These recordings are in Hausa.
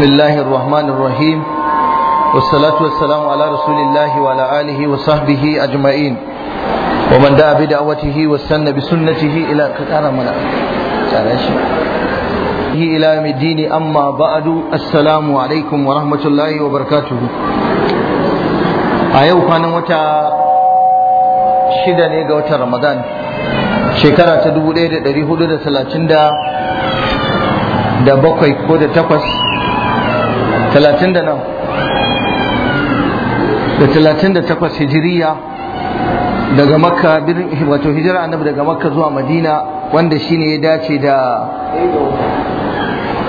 بسم الله الرحمن الرحيم والصلاة والسلام على رسول الله وعلى آله وصحبه أجمعين ومن دعا بدعوته واستنى بسنته إلى كتار ملا إلى يوم الدين أما بعد السلام عليكم ورحمة الله وبركاته a yau kwanan wata shida ne ga watan ramadan shekara ta 1437 da bakwai ko da takwas talatin da nan da talatin da takwas hijiriya daga makka wato hijira annabi daga makka zuwa madina wanda shine ya dace da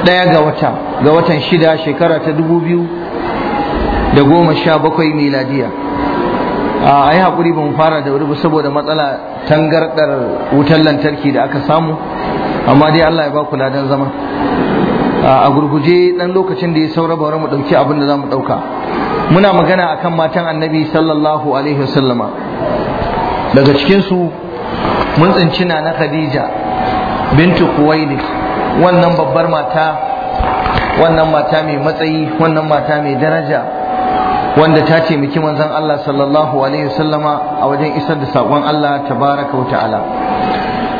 ɗaya ga wata ga watan shida shekara ta dubu biyu da goma sha bakwai miladiya a yi haƙuri mu fara da wuri saboda matsala tangarɗar wutar lantarki da aka samu amma dai allah ya ba ku ladan zama a gurguje dan lokacin da ya saura bari mu dauki abin da zamu dauka muna magana akan matan annabi sallallahu alaihi wasallama daga cikin su mun tsincina na khadija bintu kuwaili wannan babbar mata wannan mata mai matsayi wannan mata mai daraja wanda ta ce taimaki manzon Allah sallallahu alaihi wasallama a wajen isar da sakon Allah tabaraka wa ta'ala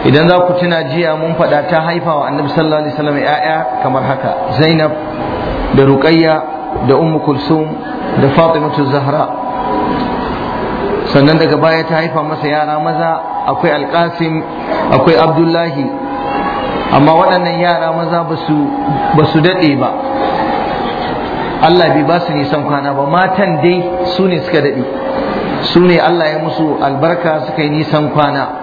idan za ku tuna jiya mun faɗa ta haifa wa annabi sallallahu alaihi wasallam yaya kamar haka zainab da ruqayya da ummu kulsum da fatimatu zahra sannan daga baya ta haifa masa yara maza akwai alqasim akwai abdullahi amma waɗannan yara maza ba su daɗe ba Allah bai ba su nisan kwana ba matan dai su ne suka daɗe su ne Allah ya musu albarka suka yi nisan kwana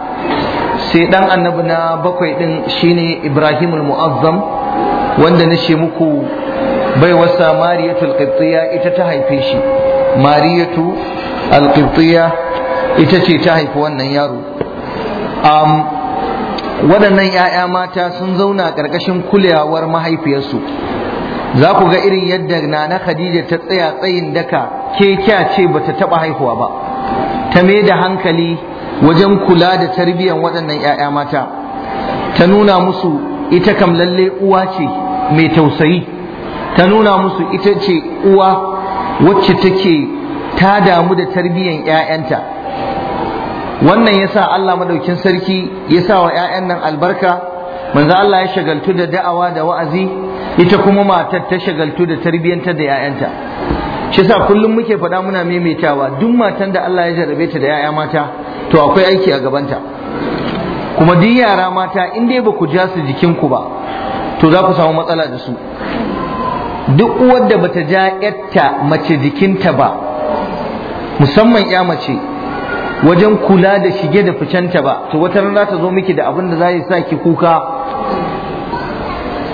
sai dan annabi na bakwai din shine Ibrahim al-Mu'azzam wanda nace muku bai wasa Mariyatu al-Qibtiyya ita ta haife shi Mariyatu al-Qibtiyya ita ce ta haifi wannan yaro um, waɗannan 'ya'ya mata sun zauna ƙarƙashin kulawar mahaifiyarsu za ku ga irin yadda nana Khadija ta tsaya tsayin daka ke kya ce bata taɓa haihuwa ba ta mai da hankali wajen kula da tarbiyyar waɗannan 'ya'ya mata ta nuna musu ita kam lalle uwa ce mai tausayi ta nuna musu ita ce uwa wacce take ta damu da tarbiyyar 'ya'yanta wannan ya sa Allah madaukin sarki ya sa wa 'ya'yan nan albarka manzo Allah ya shagaltu da da'awa da wa'azi ita kuma matar ta shagaltu da tarbiyyanta da 'ya'yanta shi sa kullum muke faɗa muna maimaitawa duk matan da Allah ya jarrabe ta da 'ya'ya mata to akwai aiki a gabanta kuma duk yara mata in dai baku ku ja su jikinku ba to za ku samu matsala da su duk uwar da bata ja yatta mace jikinta ba musamman ya mace wajen kula da shige da ficenta ba to wata rana ta zo miki da abin da za sa ki kuka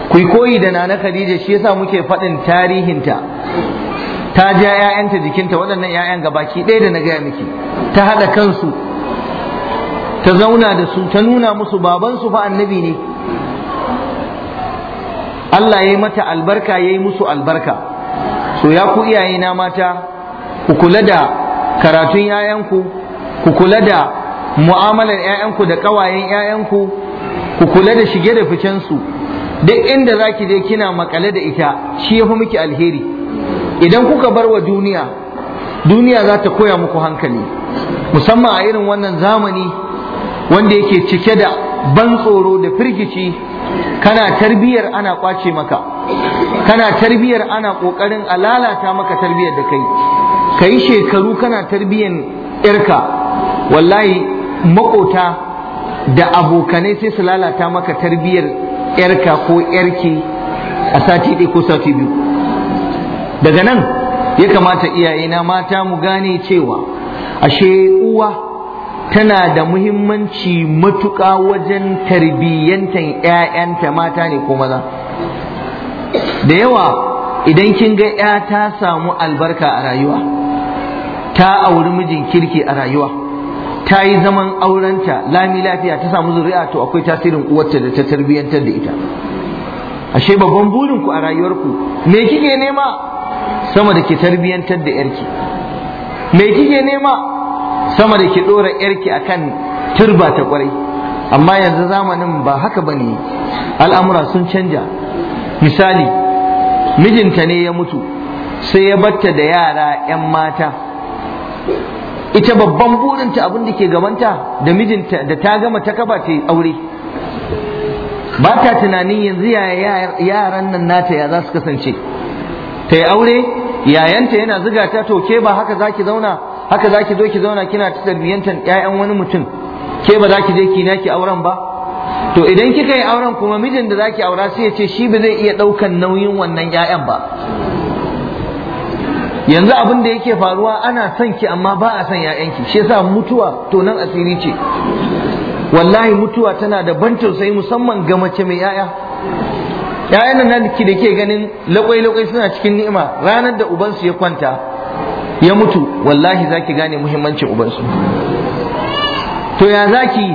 ku koyi da nana Khadija shi yasa muke faɗin tarihinta ta ja 'ya'yanta jikinta waɗannan 'ya'yan gabaki ɗaya da na gaya miki ta haɗa kansu ta zauna da su ta nuna musu babansu fa annabi ne Allah ya yi mata albarka ya yi musu albarka so ya ku iyayena mata ku kula da karatun 'ya'yanku ku kula da mu'amalar 'ya'yanku da ƙawayen 'ya'yanku ku kula da shige da ficensu duk inda zaki ki je kina makale da ita shi ya fi miki alheri idan kuka bar wa duniya duniya za ta koya muku hankali musamman a irin wannan zamani wanda yake cike da ban tsoro da firgici kana tarbiyar ana kwace maka kana tarbiyar ana kokarin a lalata maka tarbiyar da kai kai shekaru kana tarbiyar yarka wallahi makota da abokanai sai su lalata maka tarbiyar yarka ko yarki a sati ɗaya ko sati biyu daga nan ya kamata iyayena mata mu gane cewa ashe uwa tana da muhimmanci matuƙa wajen tarbiyyantan ‘ya'yanta mata ne ko maza da yawa idan kin ga ‘ya ta samu albarka a rayuwa ta auri mijin kirki a rayuwa ta yi zaman aurenta lami lafiya ta samu zuri'a to akwai tasirin uwarta da ta tarbiyyantar da ita ashe babban burinku a rayuwarku me kike nema sama da ke tarbiyyantar da yarki me kike nema sama da ki dora yarki akan turba ta kwarai amma yanzu zamanin ba haka bane al'amura sun canja misali mijinta ne ya mutu sai ya batta da yara 'yan mata ita babban burinta abin da ke gabanta da mijinta da ta gama ta kaba ta aure ba ta tunanin yanzu yaya yaran nan nata ya za su kasance ta yi aure yayanta yana ziga ta toke ba haka za ki zauna haka za ki zo ki zauna kina ta tarbiyyantar 'ya'yan wani mutum ke ba za ki je ki na ki auren ba to idan kika yi auren kuma mijin da za ki aura sai ya ce shi ba zai iya ɗaukan nauyin wannan 'ya'yan ba yanzu abin da yake faruwa ana son ki amma ba a son 'ya'yanki, shi yasa mutuwa to nan asiri ce wallahi mutuwa tana da ban tausayi musamman ga mace mai 'ya'ya? ƴaƴan nan da ke ganin laƙwai-laƙwai suna cikin ni'ima ranar da ubansu ya kwanta ya mutu wallahi zaki gane muhimmancin ubansu to ya zaki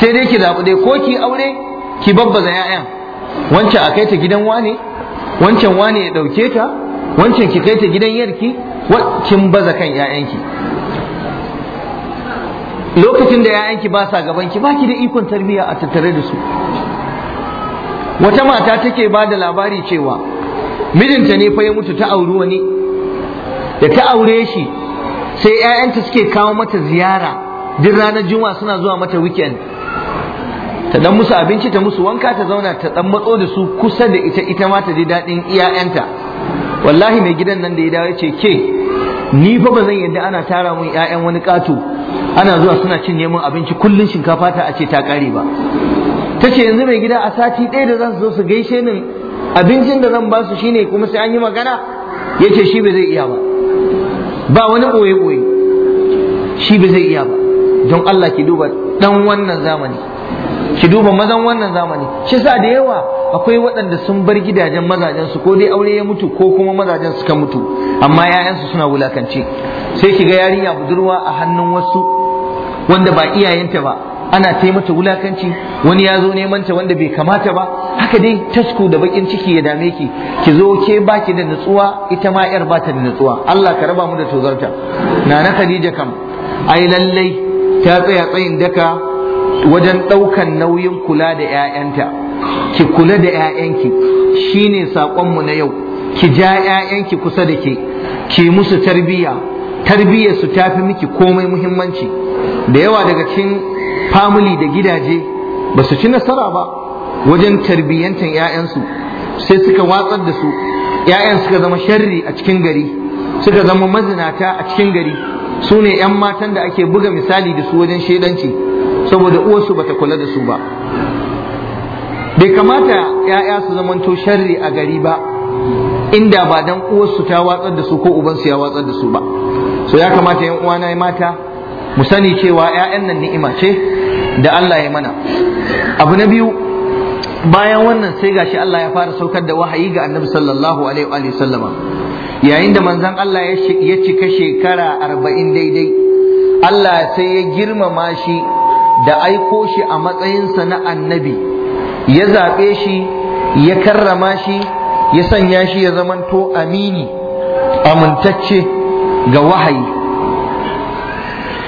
sai dai ki zaɓi dai ko ki aure ki babbaza 'ya'yan wancan a kai ta gidan wane wancan wane ya ɗauke ta wancan ki kai ta gidan yarki kin baza kan 'ya'yanki lokacin da 'ya'yanki ba sa gaban ki ba ki da ikon tarbiyya a tattare da su wata mata take ba da labari cewa mijinta ne fa ya mutu ta auri wani da ta aure shi sai 'ya'yanta suke kawo mata ziyara duk ranar juma'a suna zuwa mata weekend ta dan musu abinci ta musu wanka ta zauna ta dan matso da su kusa da ita ita ma ta ji daɗin iyayanta wallahi mai gidan nan da ya dawo ya ke ni fa ba zan yadda ana tara mun ƴaƴan wani ƙato ana zuwa suna cin neman abinci kullun shinkafa ta a ce ta ƙare ba ta ce yanzu mai gida a sati ɗaya da zan zo su gaishe ni abincin da zan ba su shine kuma sai an yi magana ya ce shi ba zai iya ba ba wani ɓoye-ɓoye shi ba zai iya ba don Allah ki duba ɗan wannan zamani ki duba mazan wannan zamani shi sa da yawa akwai waɗanda sun bar gidajen mazajensu ko dai aure ya mutu ko kuma mazajen suka mutu amma 'ya'yansu suna wulakance sai ki ga yarinya budurwa a hannun wasu wanda ba iyayenta ba ana ta mata wulakanci wani ya zo neman ta wanda bai kamata ba haka dai tasku da bakin ciki ya dame ki ki zo ke baki da nutsuwa ita ma yar bata da nutsuwa Allah ka raba mu da tozarta nana Khadija kam ai lallai ta tsaya tsayin daka wajen ɗaukan nauyin kula da 'ya'yanta ki kula da 'ya'yanki shine sakon mu na yau ki ja 'ya'yanki kusa da ke ki musu tarbiyya tarbiyyar su tafi miki komai muhimmanci da yawa daga cikin famili da gidaje ba su ci nasara ba wajen tarbiyyantar 'ya'yansu sai suka watsar da su 'ya'yan suka zama sharri a cikin gari suka zama mazinata a cikin gari su ne 'yan matan da ake buga misali da su wajen shaidanci saboda uwarsu bata kula da su ba bai kamata 'ya'ya su zamanto sharri a gari ba inda ba dan uwarsu ta watsar da su ko ubansu ya watsar da su ba so ya kamata 'yan uwa uwana mata mu sani cewa 'ya'yan nan ni'ima ce da Allah ya mana abu na biyu bayan wannan sai gashi Allah ya fara saukar da wahayi ga annabi sallallahu alaihi wa sallama yayin da manzon Allah ya cika shekara arba'in daidai Allah sai ya girmama shi da aiko shi a matsayinsa na annabi ya zaɓe shi ya karrama shi ya sanya shi ya zamanto amini amintacce ga wahayi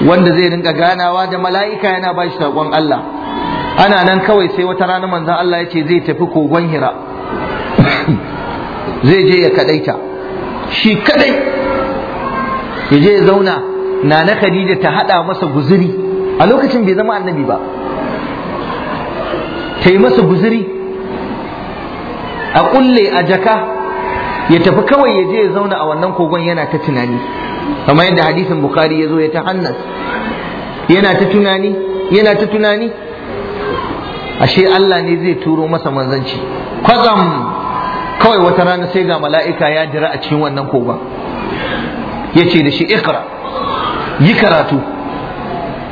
wanda zai rinka ganawa da mala'ika yana ba shi saƙon Allah ana nan kawai sai wata rana manzan Allah ya ce zai tafi kogon hira zai je ya kadaita shi kadai ya je ya zauna na Khadija ta haɗa masa guzuri a lokacin bai zama annabi ba ta yi masa guzuri a ƙulle a jaka ya tafi kawai ya je ya zauna a wannan kogon yana ta tunani kamar yadda hadisin bukari ya zo ya hannas yana ta tunani yana ta tunani ashe Allah ne zai turo masa manzanci kwazam kawai wata rana sai ga mala'ika ya jira a cikin wannan koba ya ce da shi ikra yi karatu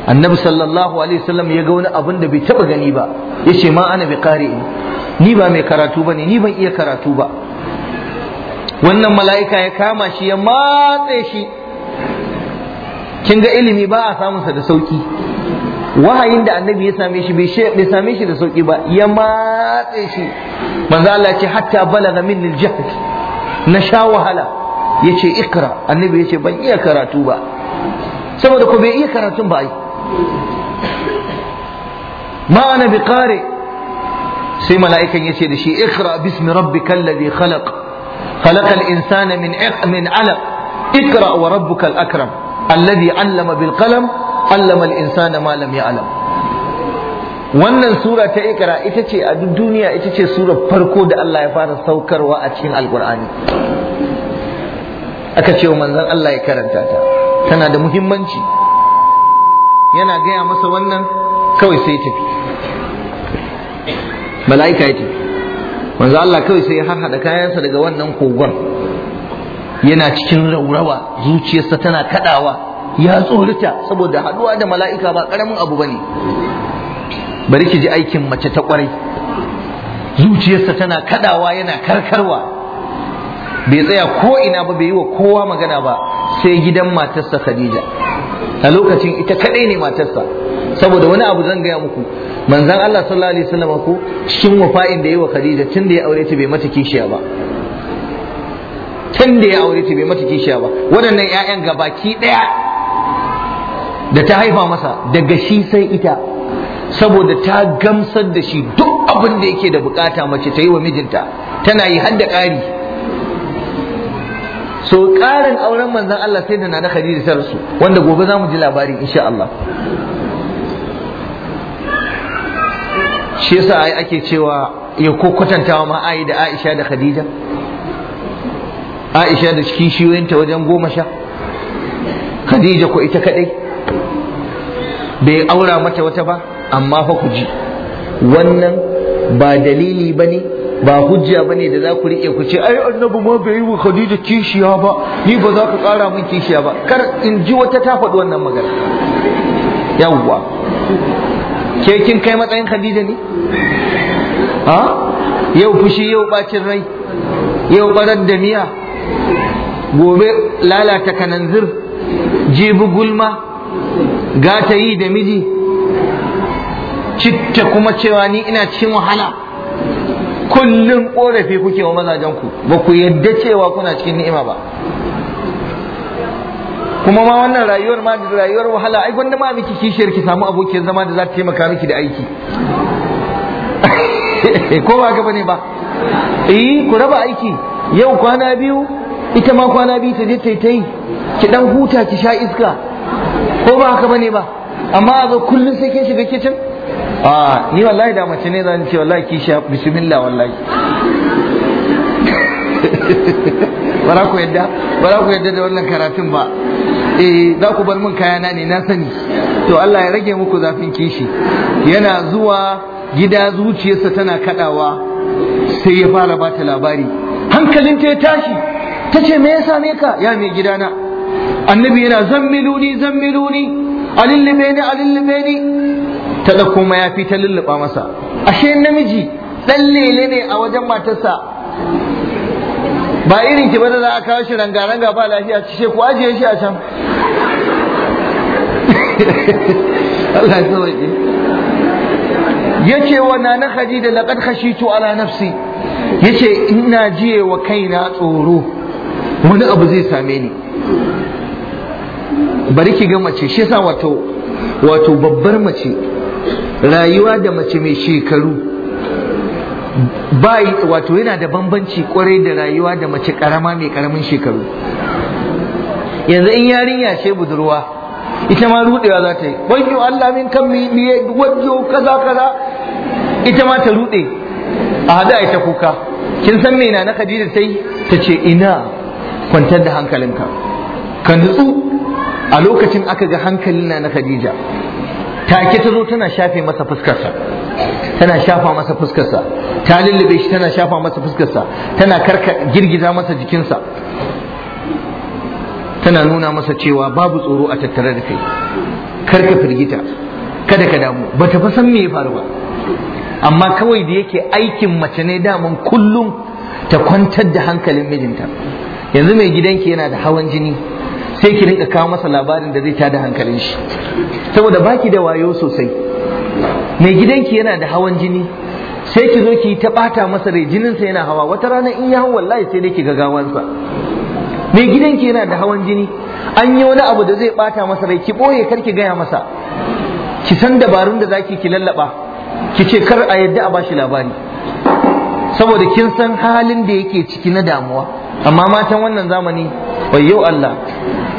annabi sallallahu alaihi wasallam ya ga wani abin da bai taba gani ba ya ce ma ana bi ni ba mai karatu ba ne ni ban iya karatu ba wannan mala'ika ya kama shi ya matse shi kin ga ilimi ba a samun sa da sauki wahayin da annabi ya same shi bai same shi da sauki ba ya matse shi manzo Allah ce hatta balaga min al-jahd na sha wahala yace ikra annabi yace ban iya karatu ba saboda ko bai iya karatun ba ai ma ana bi qari sai mala'ikan yace da shi ikra bismi rabbikal ladhi khalaq خلق الإنسان من من علق اقرأ وربك الأكرم alladhi allama bil qalam allama al insana ma lam ya'lam wannan sura ta ikra ita ce a duk duniya ita ce surar farko da Allah ya fara saukarwa a cikin alqur'ani aka ce wa manzon Allah ya karanta ta tana da muhimmanci yana gaya masa wannan kawai sai tafi mala'ika ya tafi manzon Allah kawai sai ya harhada kayansa daga wannan kogon yana cikin raurawa zuciyarsa tana kadawa ya tsorita saboda haduwa da mala'ika ba karamin abu bane bari ki ji aikin mace ta kwarai zuciyarsa tana kadawa yana karkarwa bai tsaya ko ina ba bai yi wa kowa magana ba sai gidan matarsa Khadija a lokacin ita kadai ne matarsa saboda wani abu zan gaya muku manzan Allah sallallahu alaihi wasallam ko cikin wafa'in da yi wa Khadija tun da ya aure ta bai mata kishiya ba tun da ya aure ta bai mata kishiya ba waɗannan 'ya'yan gabaki ɗaya da ta haifa masa daga shi sai ita saboda ta gamsar da shi duk abin da yake da bukata mace ta yi wa mijinta tana yi har da ƙari so ƙarin auren manzan Allah sai da na Khadija ta rasu wanda gobe za mu ji labarin insha Allah shi yasa ai ake cewa ya ko kwatantawa ma da Aisha da Khadija aisha da kishiyoyinta wajen goma sha khadija ko ita kadai bai aura mata wata ba amma fa ku ji wannan ba dalili ba ba hujja ba da za ku riƙe ku ce ai annabi ma bai yi wa khadija kishiya ba ni ba za ka ƙara min kishiya ba kar in ji wata ta faɗi wannan magana yawwa ke kin kai matsayin khadija ne ha yau fushi yau bacin rai yau barar da miya gobe lalata kananzir jibi gulma gata yi da miji citta kuma cewa ni ina cikin wahala kullum korafi kuke wa mazajenku ba ku yadda cewa kuna cikin ni'ima ba kuma ma wannan rayuwar ma da rayuwar wahala ai gwanda ma miki kishiyar ki samu abokin zama da za ta taimaka miki da aiki ko ba gaba ne ba eh ku raba aiki yau kwana biyu ita ma kwana biyu ta je ta yi ki dan huta ki sha iska ko ba haka bane ba amma a ga kullum sai kin shiga kicin a ni wallahi da mace ne zan ce wallahi ki sha bismillah wallahi bara ku yadda bara ku yadda da wannan karatun ba eh za ku bar min kayana ne na sani to Allah ya rage muku zafin kishi yana zuwa gida zuciyarsa tana kadawa sai ya fara bata labari Hankalin ta ya tashi ta ce me ya same ka ya mai gidana annabi yana zammiluni zammiluni a lullube ni a lullube ni ta ɗauko mayafi ta lulluɓa masa ashe namiji ɗan lele ne a wajen matarsa ba irin ki ba da za a kawo shi ranga-ranga ba lafiya ci ku ajiye shi a can Allah ya sauke yace wa nana khadija laqad khashitu ala nafsi yace ina jiye wa kaina tsoro wani abu zai same ni bari ki ga mace shi yasa wato wato babbar mace rayuwa da mace mai shekaru bai wato yana da bambanci kwarai da rayuwa da mace karama mai karamin shekaru yanzu in yarinya ce budurwa ita ma rudewa za ta yi wani Allah min kan miye wajo kaza kaza ita ma ta rude a hada ita kuka kin san me na na Khadija sai ta ce ina kwantar da hankalinka ka nutsu a lokacin aka ga hankalin na na khadija take ta zo tana shafe masa fuskarsa tana shafa masa fuskarsa ta lullube shi tana shafa masa fuskarsa tana karka girgiza masa jikinsa tana nuna masa cewa babu tsoro a tattare da kai karka firgita kada ka damu ba ta san me ya faru ba amma kawai da yake aikin mace ne daman kullum ta kwantar da hankalin mijinta yanzu mai gidanki yana da hawan jini sai ki rinka kawo masa labarin da zai ta da hankalin shi saboda baki da wayo sosai mai gidanki yana da hawan jini sai ki zo ki ta bata masa rai jininsa yana hawa wata rana in ya hau wallahi sai dai ki ga gawansa mai gidanki yana da hawan jini an yi wani abu da zai bata masa rai ki boye kar ki gaya masa ki san dabarun da zaki ki lallaba ki ce kar a yadda a bashi labari saboda kin san halin da yake ciki na damuwa amma matan wannan zamani yau Allah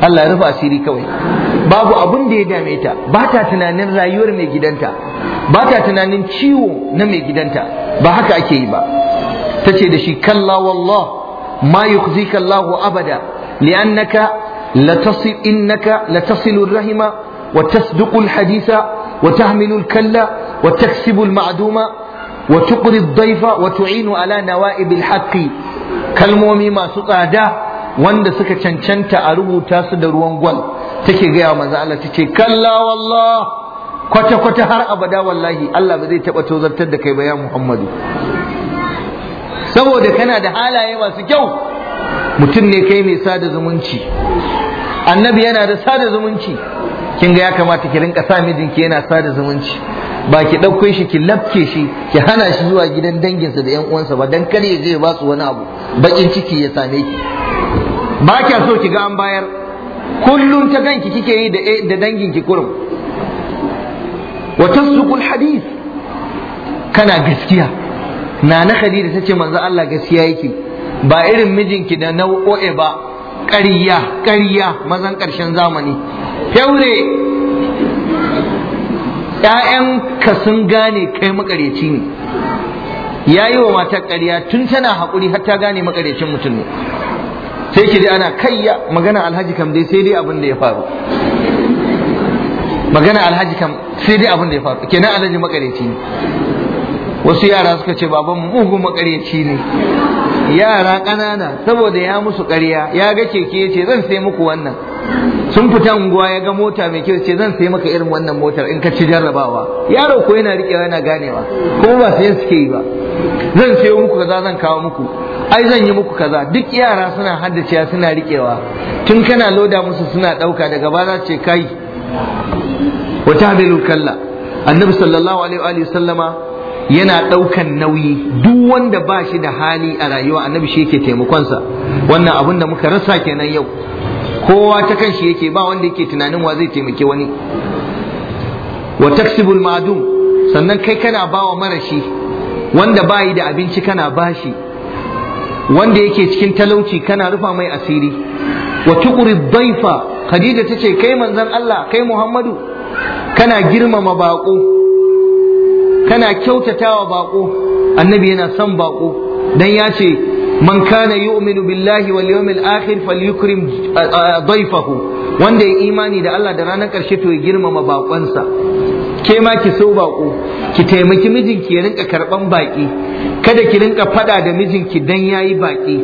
Allah ya rufe asiri kawai babu abun da ya dame ta ba ta tunanin rayuwar mai gidanta ba ta tunanin ciwo na mai gidanta ba haka ake yi ba ta ce da shi kalla wallah ma yukhzika Allah abada li'annaka latasil innaka latasilur rahima wa tasduqu al-haditha wa tahmilul kalla wa taksibu al-ma'duma wa tuqri ad wa tu'inu ala nawa'ibil al kalmomi masu tsada wanda suka cancanta a rubuta su da ruwan gwal take gaya manzo Allah tace kalla wallah kwata kwata har abada wallahi Allah ba zai taba tozartar da kai ba ya Muhammadu saboda kana da halaye masu kyau mutum ne kai mai sada zumunci annabi yana da sada zumunci kin ga ya kamata ki rinka sa mijinki yana sada zumunci ba ki ɗauko shi ki lafke shi ki hana shi zuwa gidan danginsa da yan uwansa ba dan kar zai ba su wani abu baƙin ciki ya same ki ba kya so ki ga an bayar kullum ta ganki kike yi da eh, dangin ki kurum wa tasduqul hadith kana gaskiya Na nana khadija tace manzo Allah gaskiya yake ba irin mijinki da nau'o'e ba ƙarya ƙarya mazan ƙarshen zamani fyaure ka sun gane kai makareci ne ya yi wa mata ƙarya tun tana haƙuri har ta gane makarecin mutum ne sai ki ana kayya magana alhaji kam dai sai dai abin da ya faru magana alhaji kam sai dai abin da ya faru kenan alhaji makareci ne wasu yara suka ce baban mugu makareci ne yara ƙanana saboda ya musu ƙarya ya ga keke ya ce zan sai muku wannan sun fita unguwa ya ga mota mai kyau ce zan sai maka irin wannan motar in ka ci jarrabawa yaro ko yana riƙewa yana ganewa kuma ba sai suke yi ba zan sayo muku kaza zan kawo muku ai zan yi muku kaza duk yara suna haddacewa suna riƙewa tun kana loda musu suna ɗauka daga ba za ce kai wata bilu kalla annabi sallallahu alaihi wa sallama yana ɗaukan nauyi duk wanda ba shi da hali a rayuwa annabi shi yake taimakonsa wannan abin da muka rasa kenan yau kowa ta shi yake ba wanda yake tunanin wa zai taimake wani wa taksibul madum sannan kai kana bawa marashi wanda bayi da abinci kana bashi wanda yake cikin talauci kana rufa mai asiri wa tuqri dhaifa khadija tace kai manzon Allah kai Muhammadu kana girmama bako kana kyautatawa baƙo. annabi yana son baƙo dan ya ce man kana yu'minu billahi wal yawmil akhir falyukrim uh, uh, dayfahu wanda ya imani da Allah da ranar karshe to ya girmama bakonsa ke ma ki so bako ki taimaki mijinki ya rinka karban baki kada ki rinka fada da mijinki dan yayi baki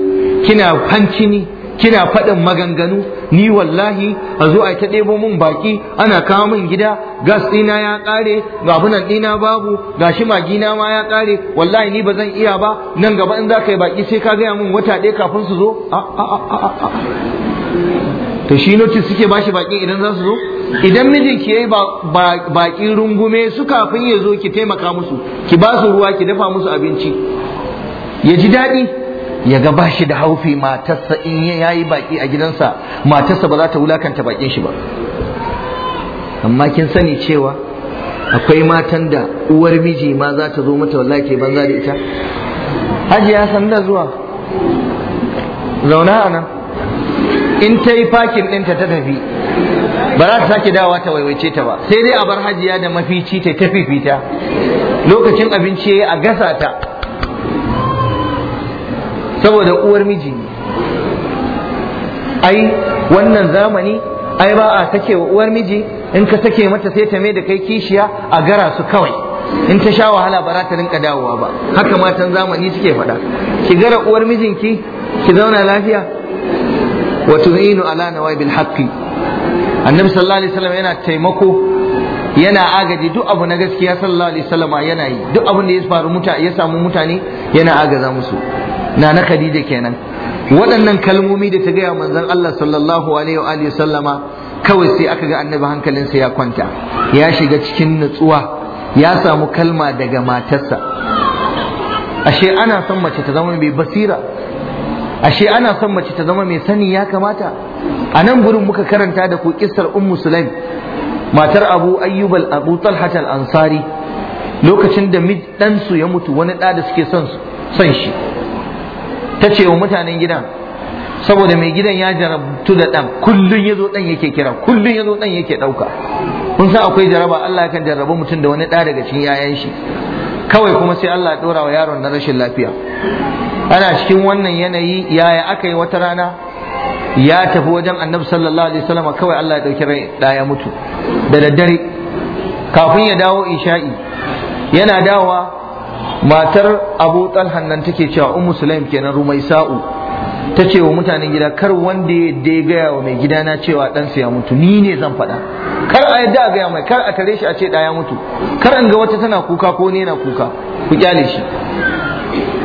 kina hancini. kina faɗin maganganu ni wallahi a zo a ta ɗebo mun baki ana kawo min gida gas ɗina ya ƙare gabunan ɗina babu gashi magina ma ya ƙare wallahi ni ba zan iya ba nan gaba in za ka yi baki sai ka gaya mun wata ɗaya kafin su zo ah, ah, ah, to shi notice suke bashi baki idan za su zo idan mijinki yi baki rungume su kafin ya zo ki taimaka musu ki ba su ruwa ki dafa musu abinci ya ji daɗi ya ga ba shi da haufi matarsa in ya yi baki a gidansa matarsa ba za ta wulakanta bakin shi ba amma kin sani cewa akwai matan da uwar miji ma za ta zo mata wallahi ke banza da ita hajiya san da zuwa zauna a in ta yi fakin ɗinta ta tafi ba za ta sake dawa ta waiwaice ta ba sai dai a bar hajiya da mafici ta tafi fita. lokacin abinci ya yi a gasa ta saboda uwar miji ne ai wannan zamani ai ba a sake wa uwar miji in ka sake mata sai ta mai da kai kishiya a gara su kawai in ta sha wahala ba za ta rinka dawowa ba haka matan zamani suke faɗa ki gara uwar mijinki ki zauna lafiya wa tu'inu ala nawabil haqqi annabi sallallahu alaihi wasallam yana taimako yana agaji duk abu na gaskiya sallallahu alaihi wasallam yana yi duk abin da ya faru muta ya samu mutane yana agaza musu na na khadija kenan waɗannan kalmomi da ta gaya manzon Allah sallallahu alaihi wa alihi sallama kawai sai aka ga annabi hankalinsa ya kwanta ya shiga cikin nutsuwa ya samu kalma daga matarsa ashe ana son mace ta zama mai basira ashe ana son mace ta zama mai sani ya kamata a nan gurin muka karanta da ku kissar ummu sulaim matar abu Ayyubal al abu talhat ansari lokacin da mid ɗansu ya mutu wani ɗa da suke son son shi ta ce wa mutanen gidan saboda mai gidan ya jarabtu da ɗan kullum ya zo yake kira kullum ya zo yake ɗauka kun san akwai jaraba Allah kan jarabu mutum da wani ɗa daga cikin yayan shi kawai kuma sai Allah ya ɗora wa yaron na rashin lafiya ana cikin wannan yanayi yaya aka yi wata rana ya tafi wajen annabi sallallahu alaihi wasallam kawai Allah ya ɗauki rai da ya mutu da daddare kafin ya dawo isha'i yana dawowa matar abu talhan nan take cewa ummu sulaim kenan rumaisa'u ta ce wa mutanen gida kar wanda ya gaya wa mai gida na cewa ɗansa ya mutu ni ne zan faɗa kar a yadda a gaya mai kar a tare shi a ce ɗa ya mutu kar an ga wata tana kuka ko ne na kuka ku kyale shi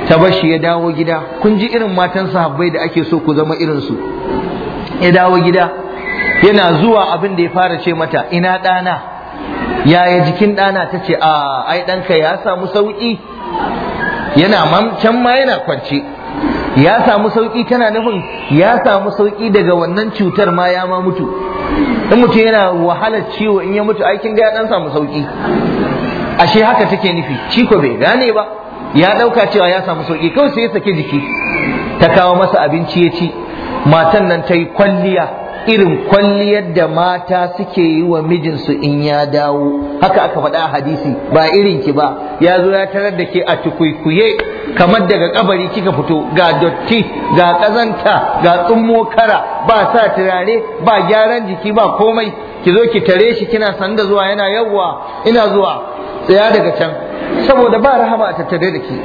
ta bar shi ya dawo gida kun ji irin matan sahabbai da ake so ku zama irin su ya dawo gida yana zuwa abin da ya fara ce mata ina ɗana yaya jikin ɗana ta ce a ai ɗanka ya samu sauƙi yana can ma yana kwance ya samu sauki tana nufin ya samu sauki daga wannan cutar ma ya ma mutu in mutu yana wahalar ciwo in ya mutu aikin ga ya dan samu sauki ashe haka take nufi shi ko bai gane ba ya dauka cewa ya samu sauki kawai sai ya sake jiki ta kawo masa abinci ya ci matan nan ta yi kwalliya irin kwalliyar da mata suke yi wa mijinsu in ya dawo haka aka faɗa a hadisi ba irin ki ba ya zo ya tarar da ke a tukuikuye kamar daga kabari kika fito ga dotti ga ƙazanta ga tsummo kara ba sa turare ba gyaran jiki ba komai ki zo ki tare shi kina sanda zuwa yana yawwa ina zuwa tsaya daga can saboda ba rahama a tattare da ki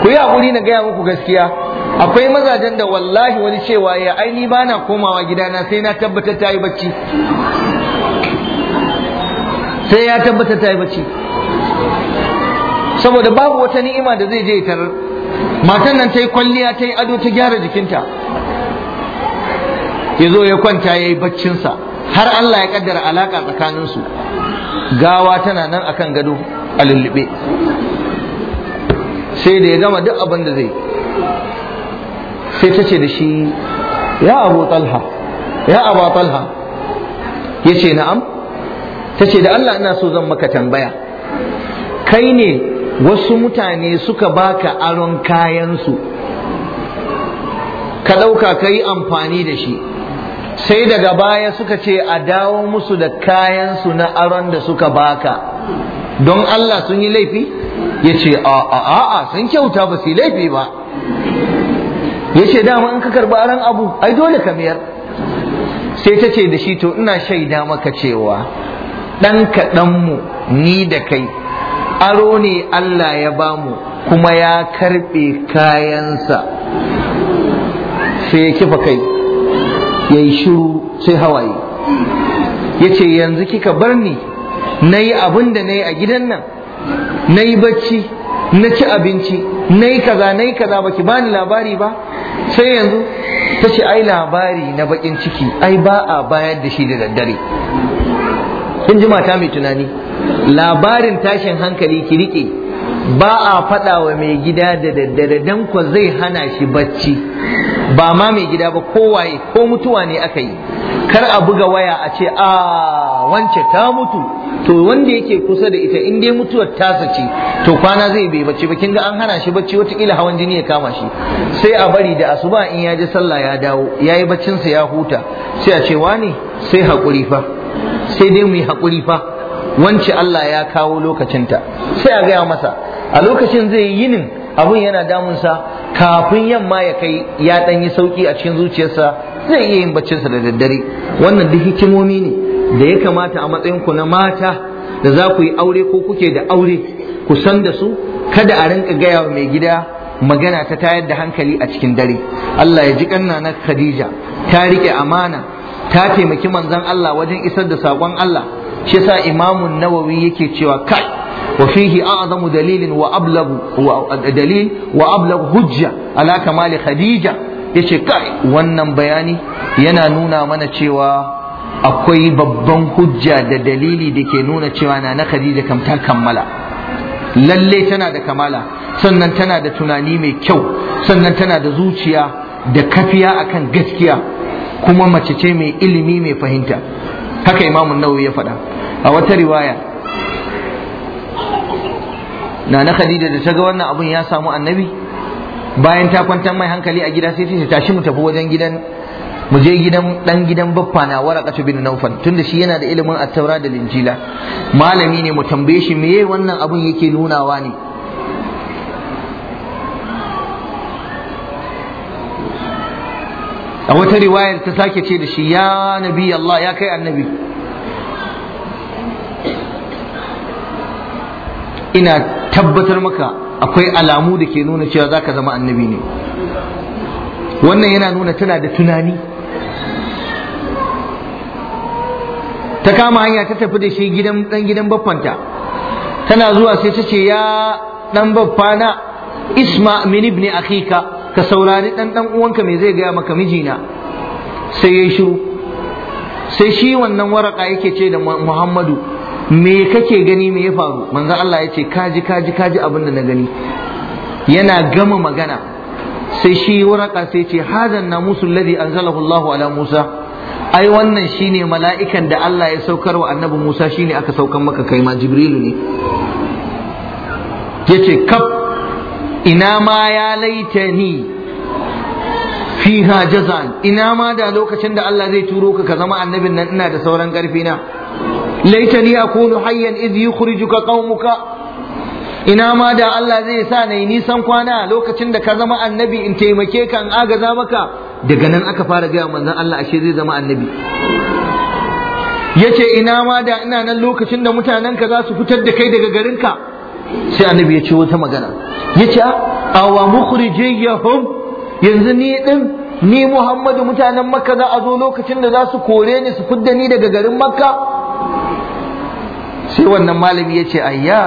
ku yi haƙuri na gaya muku gaskiya akwai mazajen da wallahi wani cewa ya aini ba na komawa gidana sai na tabbatar ta yi bacci sai ya tabbatar ta yi bacci saboda babu wata ni'ima da zai je tarar matan nan ta yi kwalliya ta yi ado ta gyara jikinta ya zo ya kwanta ya yi baccinsa har Allah ya kaddara alaƙa tsakaninsu gawa tana nan akan gado a lullube sai da ya gama duk abin da zai sai ta ce da shi ya abu talha ya abu talha ya ce na'am ta ce da Allah ina so zan maka tambaya kai ne wasu mutane suka baka aron kayansu ka ɗauka ka yi amfani da shi sai daga baya suka ce a dawo musu da kayansu na aron da suka baka don Allah sun yi laifi ya ce a sun kyauta ba su yi laifi ba yace dama in ka karɓi aron abu ai dole ka mayar sai ta ce da shi to ina shaida maka cewa ɗan mu ni da kai aro ne Allah ya bamu kuma ya karɓe kayansa sai ya kifa kai ya yi shiru sai hawaye ya ce yanzu kika bar ni na yi abin da na yi a gidan nan na yi bacci na ci abinci na yi kaza na yi kaza baki bani labari ba sai yanzu ta ce ai labari na bakin ciki ai ba a bayar da shi da daddare kun ji mata mai tunani labarin tashin hankali ki rike ba a faɗa wa mai gida da daddare dan ko zai hana shi bacci ba ma mai gida ba kowaye ko mutuwa ne aka yi kar a buga waya a ce a wance ta mutu to wanda yake kusa da ita in dai mutuwar tasa ce to kwana zai bai bacci ba kin ga an hana shi bacci watakila hawan jini ya kama shi sai a bari da asuba in ya ji sallah ya dawo ya yi baccinsa ya huta sai a ce wani sai haƙuri fa sai dai mu yi haƙuri fa wance Allah ya kawo lokacinta sai a gaya masa a lokacin zai yi yinin abun yana damunsa kafin yamma ya kai ya dan yi sauki a cikin zuciyarsa zai iya yin baccinsa da daddare wannan duk hikimomi ne da ya kamata a matsayin ku na mata da za ku yi aure ko kuke da aure ku san da su kada a rinka gaya wa mai gida magana ta tayar da hankali a cikin dare Allah ya ji kanna na Khadija ta rike amana ta taimaki manzon Allah wajen isar da sakon Allah shi yasa Imamun Nawawi yake cewa kai وفيه أعظم دليل وأبلغ دليل وأبلغ هجة على كمال خديجة yace kai wannan bayani yana nuna mana cewa akwai babban hujja da dalili da ke nuna cewa na na khadija kam ta kammala lalle tana da kamala sannan tana da tunani mai kyau sannan tana da zuciya da kafiya akan gaskiya kuma mace ce mai ilimi mai fahimta haka imamu nawawi ya faɗa a wata riwaya Na na khadija da ta ga wannan abun ya samu annabi bayan ta kwantar mai hankali a gida sai ta tashi mu tafi wajen gidan mu je gidan dan gidan baffa na waraqatu bin Tun tunda shi yana da ilimin at-taura da linjila malami ne mu tambaye shi meye wannan abun yake nunawa ne a wata riwayar ta sake ce da shi ya nabi Allah ya kai annabi ina tabbatar maka akwai alamu da ke nuna cewa za ka zama annabi ne wannan yana nuna tana da tunani ta kama hanya ta tafi da shi gidan dan gidan baffanta tana zuwa sai ta ce ya dan baffana isma min ibn akhika ka saurari dan dan uwanka me zai gaya maka mijina sai ya shiru sai shi wannan waraka yake ce da muhammadu me kake gani me ya faru manzo Allah ya ce kaji kaji kaji abin da na gani yana gama magana sai shi waraka sai ce hadan namusul ladhi anzalahu Allah ala Musa ai wannan shine mala'ikan da Allah ya saukar wa annabi Musa shine aka saukan maka kai ma Jibrilu ne yace kaf ina ma ya laitani fiha jazan ina ma da lokacin da Allah zai turo ka ka zama annabin nan ina da sauran karfi na laitani akunu hayyan idh yukhrijuka qaumuka ina ma da Allah zai sa nayi nisan kwana lokacin da ka zama annabi in taimake ka in agaza maka daga nan aka fara gaya manzon Allah ashe zai zama annabi yace ina ma da ina nan lokacin da mutanen ka za su fitar da kai daga garin ka sai annabi ya ce wata magana yace awa mukhrijiyahum yanzu ni din ni Muhammadu mutanen Makka za a zo lokacin da za su kore ni su fidda ni daga garin Makka sai wannan malami ya ce ayya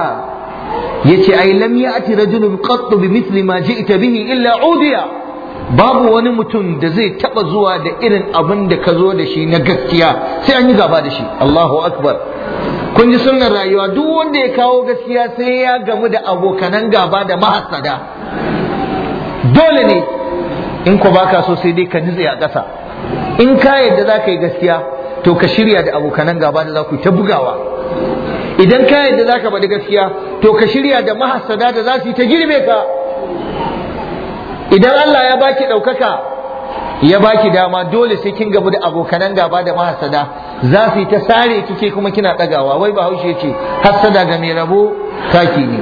ya ce ai lam ati rajulun qattu bi mithli ma ji'ta bihi illa udiya babu wani mutum da zai taba zuwa da irin abin da ka zo da shi na gaskiya sai an yi gaba da shi Allahu akbar kun ji sunnar rayuwa duk wanda ya kawo gaskiya sai ya gamu da abokanan gaba da mahasada dole ne in ko baka so sai dai ka nitse a ƙasa in ka yadda za ka yi gaskiya to ka shirya da abokanan gaba da za ku ta bugawa idan ka yadda za ka faɗi gaskiya to ka shirya da mahasada da za su yi ta girbe ka idan Allah ya baki ɗaukaka ya baki dama dole sai kin gabu da abokanan gaba da mahasada za su yi ta sare kike kuma kina ɗagawa wai ba haushe ce hassada ga mai rabo kaki ne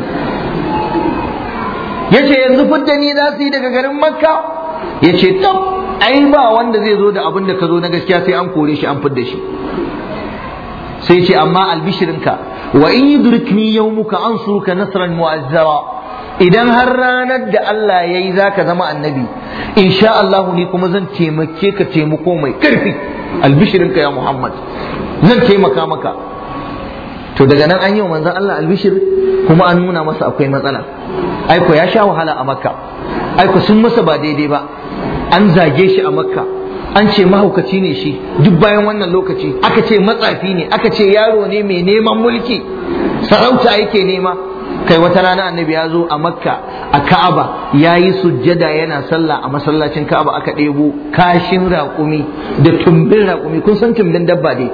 yace yanzu fidda za su yi daga garin makka yace tab ai ba wanda zai zo da abin da ka zo na gaskiya sai an kore shi an Fudda shi sai ce amma albishirinka wa in yudrikni yawmuka ansuruka nasran idan har ranar da Allah ya yi zaka zama annabi insha Allah ni kuma zan taimake ka taimako mai karfi albishirinka ya Muhammad zan taimaka maka to daga nan an yi wa manzon Allah albishir kuma an nuna masa akwai matsala aiko ya sha wahala a makka aiko sun masa ba daidai ba an zage shi a makka an ce mahaukaci ne shi duk bayan wannan lokaci aka ce matsafi ne aka ce yaro ne mai neman mulki sarauta yake nema kai wata rana annabi ya zo a makka a ka'aba ya yi sujjada yana sallah a masallacin ka'aba aka ɗebo kashin raƙumi da tumbin raƙumi kun san tumbin dabba ne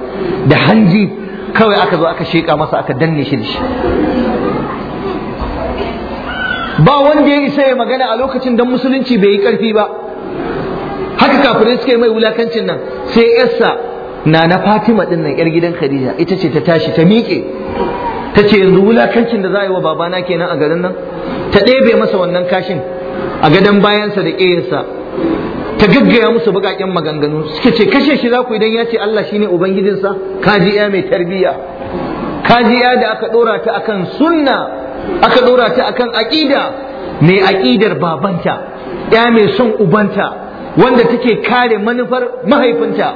da hanji kawai aka zo aka sheƙa masa aka danne shi da shi ba wanda ya isa ya magana a lokacin don musulunci bai yi ƙarfi ba haka kafirai suke yi mai wulakancin nan sai yarsa na na Fatima din nan yar gidan Khadija ita ce ta tashi ta miƙe ta ce yanzu wulakancin da za a yi wa babana kenan a garin nan ta ɗebe masa wannan kashin a gadon bayansa da ƙeyarsa ta gaggaya musu buƙaƙen maganganu suka ce kashe shi za ku idan ya ce Allah shine ubangijinsa kaji ya mai tarbiyya kaji ya da aka ɗora ta akan sunna aka ɗora ta akan aƙida mai aƙidar babanta ya mai son ubanta wanda take kare manufar mahaifinta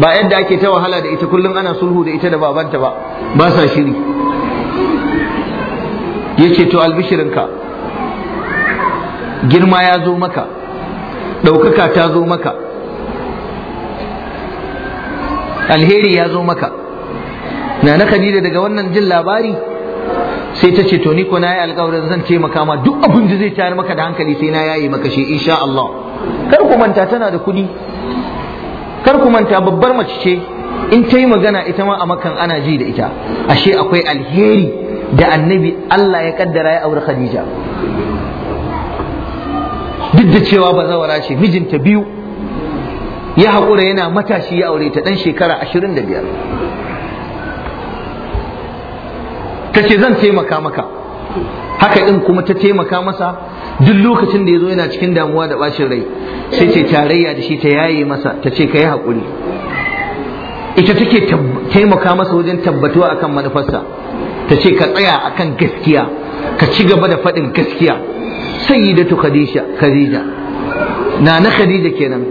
ba yadda ake ta wahala da ita kullum ana sulhu da ita da babanta ba ba sa shiri Ya ce to albishirinka girma ya zo maka ɗaukaka ta zo maka alheri ya zo maka na na khadija daga wannan jin labari sai ta ce to ni ko na yi alkawarin zan taimaka ma duk abin da zai tayar maka da hankali sai na yayi maka shi insha Allah kar ku manta tana da kuɗi kar ku manta babbar mace ce in ta yi magana ita ma a makan ana ji da ita ashe akwai alheri da annabi Allah ya kaddara ya aure Khadija duk da cewa ba zawara ce mijinta biyu ya haƙura yana matashi ya aure ta ɗan shekara ashirin da biyar ta ce zan taimaka maka haka ɗin kuma ta taimaka masa duk lokacin da ya zo yana cikin damuwa da bashin rai sai ce tarayya da shi ta yaye masa ta ce ka yi haƙuri ita take taimaka masa wajen tabbatuwa akan manufarsa ta ce ka tsaya akan gaskiya ka ci gaba da faɗin gaskiya sai sayyidatu khadija na na khadija kenan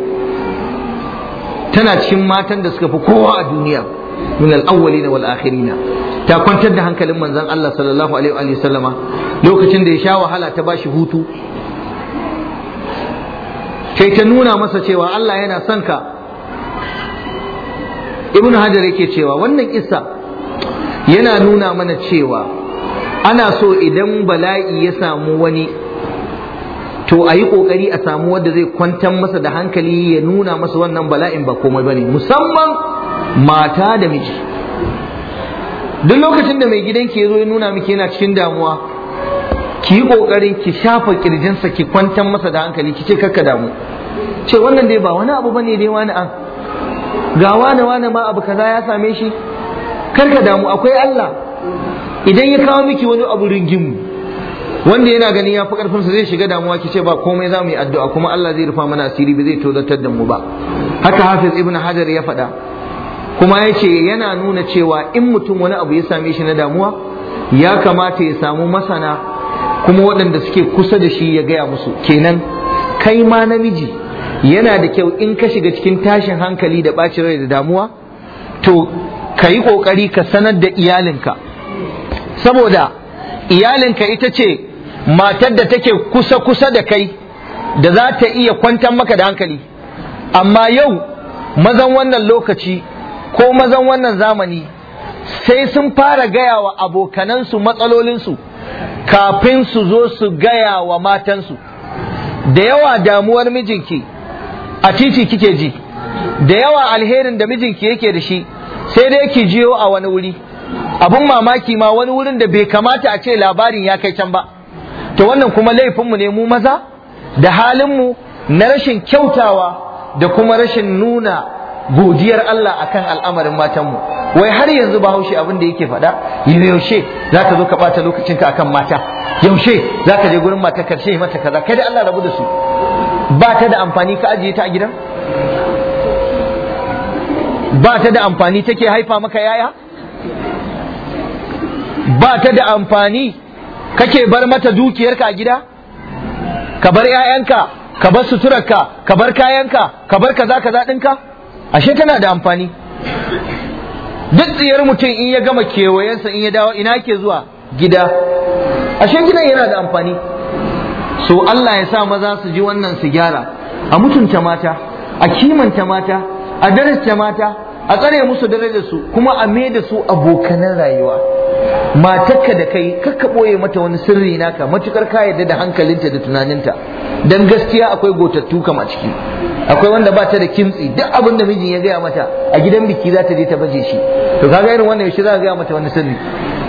tana cikin matan da suka fi kowa a duniya min al-awwalin wal akhirin ta kwantar da hankalin manzon Allah sallallahu alaihi wa sallama lokacin da ya sha wahala ta bashi hutu sai ta nuna masa cewa Allah yana son ka ibnu hajar yake cewa wannan kissa yana nuna mana cewa ana so idan bala'i ya samu wani to a yi ƙoƙari a samu wanda zai kwantar masa da hankali ya nuna masa wannan bala'in ba komai ba ne musamman mata da miji duk lokacin da mai gidan ya zo ya nuna miki yana cikin damuwa ki yi kokarin ki shafa kirjinsa ki kwantar masa da hankali ki ce kakka damu ce wannan dai ba wani abu bane dai wani an ga wani wani ma abu kaza ya same shi karka damu akwai Allah idan ya kawo miki wani abu ringin wanda yana ganin ya fi sa zai shiga damuwa ki ce ba komai za mu yi addu'a kuma Allah zai rufa mana asiri ba zai tozartar da mu ba haka Hafiz Ibn Hajar ya faɗa kuma ya ce yana nuna cewa in mutum wani abu ya same shi na damuwa ya kamata ya samu masana kuma waɗanda suke kusa da shi ya gaya musu kenan kai ma namiji yana da kyau in ka shiga cikin tashin hankali da ɓacin rai da damuwa to ka yi ƙoƙari ka sanar da iyalinka saboda iyalinka ita ce matar da take kusa-kusa da kai da za ta iya kwantar maka da hankali amma yau mazan wannan lokaci ko mazan wannan zamani sai sun fara gaya wa abokanansu matsalolinsu kafin su zo su gaya wa matansu da yawa damuwar mijinki a titi kike ji da yawa alherin da mijinki yake da shi sai dai ki jiyo a wani wuri abun mamaki ma wani wurin da bai kamata a ce labarin ya kai can ba to wannan kuma laifinmu ne mu maza da halinmu na rashin kyautawa da kuma rashin nuna godiyar Allah akan al'amarin matanmu wai har yanzu bahaushe abin da yake faɗa yaushe za ka zo ka ɓata lokacinka akan mata yaushe za ka je gurin mata karshe mata kaza kai da Allah rabu da su ba ta da amfani ka ajiye ta a gidan ba ta da amfani take haifa maka yaya ba ta da amfani kake bar mata dukiyarka a gida ka bar 'ya'yanka ka bar suturarka ka bar kayanka ka bar kaza kaza ɗinka ashe tana da amfani duk tsiyar mutum in ya gama kewayensa in ya dawo ina ke zuwa gida ashe gidan yana da amfani so Allah ya sa maza su ji wannan su gyara a mutunta mata a kimanta mata a darasta mata a tsare musu darajar su kuma a mai da su abokan rayuwa matarka da kai kakka ɓoye mata wani sirri naka matukar ka yarda da hankalinta da tunaninta dan gaskiya akwai gotattu kama a ciki akwai wanda ba ta da kimtsi duk abin da mijin ya gaya mata a gidan biki za ta je ta baje shi to kaga irin wannan yaushe za ka gaya mata wani sirri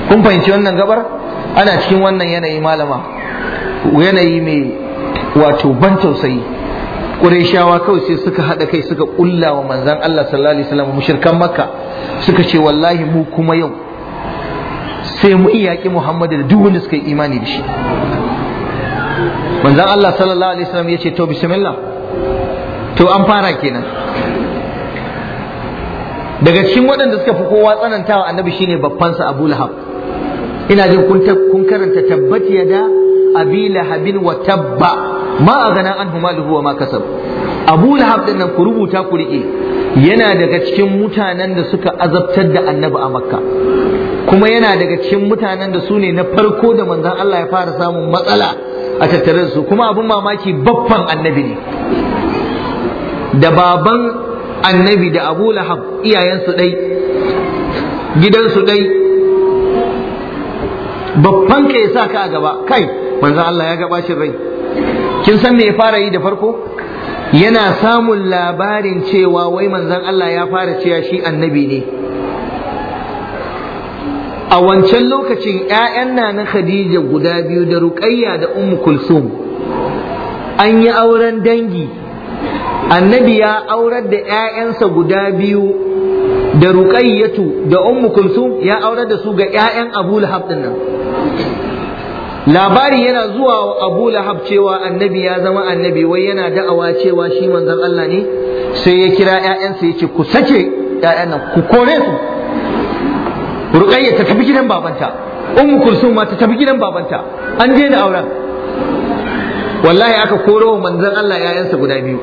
kun fahimci wannan gabar ana cikin wannan yanayi malama yanayi mai wato ban tausayi Qurayshawa kawai sai suka haɗa kai suka ƙulla wa manzan Allah sallallahu alaihi wasallam mushrikan Makka suka ce wallahi mu kuma yau sai mu iyaki Muhammadu da duk wanda suka yi imani da shi manzan Allah sallallahu alaihi wasallam yace to bismillah to an fara kenan daga cikin waɗanda suka fi kowa tsanantawa annabi shine sa Abu Lahab ina jin kun kun karanta tabbati yada abi lahabin wa tabba ma aghna anhu maluhu wa ma kasab Abu Lahab din nan ku rubuta ku rike yana daga cikin mutanen da suka azabtar da annabi a Makka kuma yana daga cikin mutanen da sune na farko da manzon Allah ya fara samun matsala a tattare su kuma abin mamaki baffan annabi ne da baban annabi da abu lahab iyayensu ɗai gidansu ɗai babban ka ya sa ka gaba kai manzan Allah ya gaba shi rai kin san me ya fara yi da farko yana samun labarin cewa wai manzan Allah ya fara cewa shi annabi ne a wancan lokacin 'ya'yan na na khadija guda biyu da ruqayya da ummu kulsum an yi auren dangi annabi ya aurar da 'ya'yansa guda biyu da ruqayyatu da ummu kulsum ya aurar da su ga 'ya'yan abu lahab nan labari yana zuwa wa abu lahab cewa annabi ya zama annabi wai yana da'awa cewa shi manzon Allah ne sai ya kira 'ya'yansa ya ce ku sace 'ya'yan nan ku kore su ruqayya ta tafi gidan babanta ummu kulsum ma ta tafi gidan babanta an daina auren wallahi aka koro manzon Allah yayansa guda biyu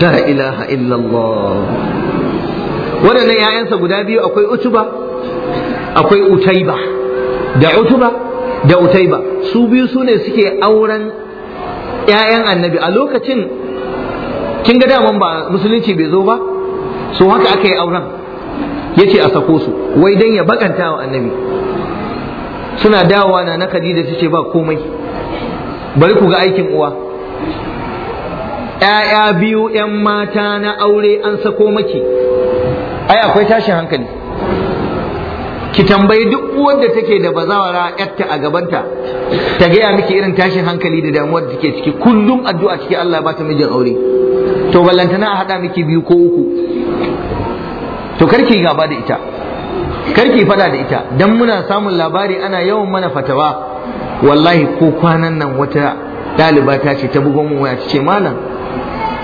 la ilaha illallah waɗannan ‘ya'yansa guda biyu akwai utuba akwai utaiba da utuba da utaiba su biyu su ne suke auren ‘ya'yan annabi a lokacin kin ga daman ba musulunci bai zo ba so haka aka yi auren yace a sako su wai dan ya bakanta annabi suna dawowa na na Khadija tace ba komai bari ku ga aikin uwa ‘ya'ya biyu ‘yan mata na aure an sako maki ai akwai tashin hankali ki tambayi duk uwar take da bazawara ‘yarta a gabanta ta gaya miki irin tashin hankali da damuwar da take ciki kullum addu'a ciki Allah ba ta mijin aure to ballantana a haɗa miki biyu ko uku to karki gaba da ita karki fada da ita dan muna samun labari ana yawan mana fatawa wallahi ko kwanan nan wata daliba ta ce ta bugon waya ta ce malam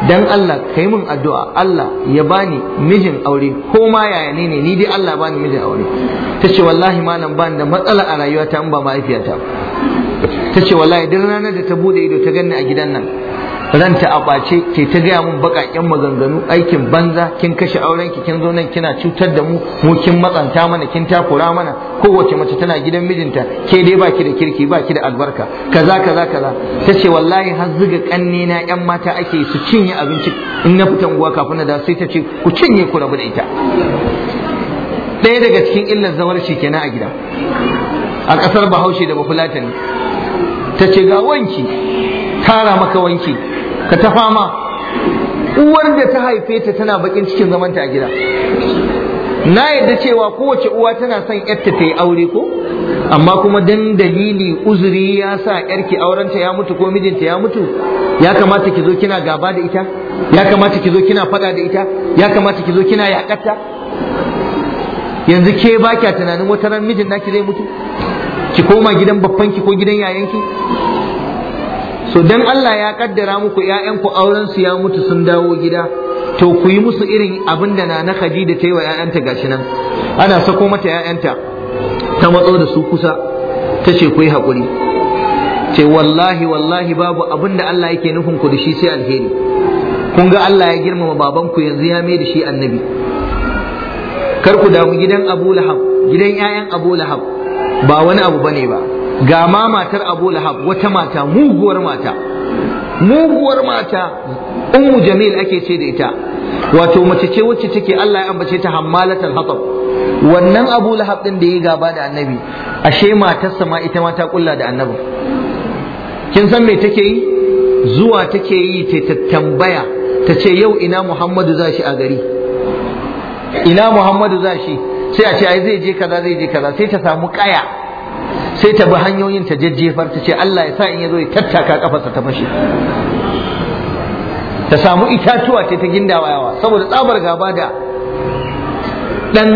dan Allah kai mun addu'a Allah ya bani mijin aure ko ma yaya ne ne ni dai Allah bani mijin aure ta ce wallahi malam bani da matsala a rayuwata in ba mahaifiyata ta ce wallahi duk ranar da ta bude ido ta ganni a gidan nan ranta a ɓace ke ta gaya mun baƙaƙen maganganu aikin banza kin kashe auren ki kin zo nan kina cutar da mu mu kin matsanta mana kin takura mana kowace mace tana gidan mijinta ke dai baki da kirki baki da albarka kaza kaza kaza ta ce wallahi har zuga kanni na yan mata ake su cinye abinci in na fita unguwa kafin na da sai ta ce ku cinye ku rabu da ita ɗaya daga cikin illar zawar shi kenan a gida a ƙasar bahaushe da bafulatani ta ce ga wanki tara maka wanki ka ta fama uwar da ta haife ta tana bakin cikin zamanta a gida na yadda cewa kowace uwa tana son yarta ta yi aure ko amma kuma dan dalili uzuri ya sa yarki aurenta ya mutu ko mijinta ya mutu ya kamata ki zo kina gaba da ita ya kamata ki zo kina fada da ita ya kamata ki zo kina yaƙatta yanzu ke ba kya tunanin wata ran mijin naki zai mutu ki koma gidan babbanki ko gidan yayanki so dan Allah ya kaddara muku ƴaƴanku auren su ya mutu sun dawo gida to ku yi musu irin abin da na Khadija ta yi wa ƴaƴanta gashi nan ana sako mata ƴaƴanta ta matso da su kusa ta ce ku yi haƙuri ce wallahi wallahi babu abin da Allah yake nufin ku da shi sai alheri kun ga Allah ya girmama babanku yanzu ya mai da shi annabi kar ku damu gidan Abu Lahab gidan ƴaƴan Abu Lahab ba wani abu bane ba ga ma matar abu lahab wata mata muguwar mata muguwar mata umu jamil ake ce da ita wato mace ce wacce take Allah ya ambace ta hammalatul hatab wannan abu lahab din da ya gaba da annabi ashe matarsa ma ita ma ta kulla da annabi kin san me take yi zuwa take yi ta tambaya ta ce yau ina muhammadu za shi a gari ina muhammadu za shi sai a ce ai zai je kaza zai je kaza sai ta samu kaya sai ta bi hanyoyin ta jajjefar ta ce Allah ya sa in yazo ya tattaka kafarsa ta fashe ta samu itatuwa ta ta gindawa yawa saboda tsabar gaba da dan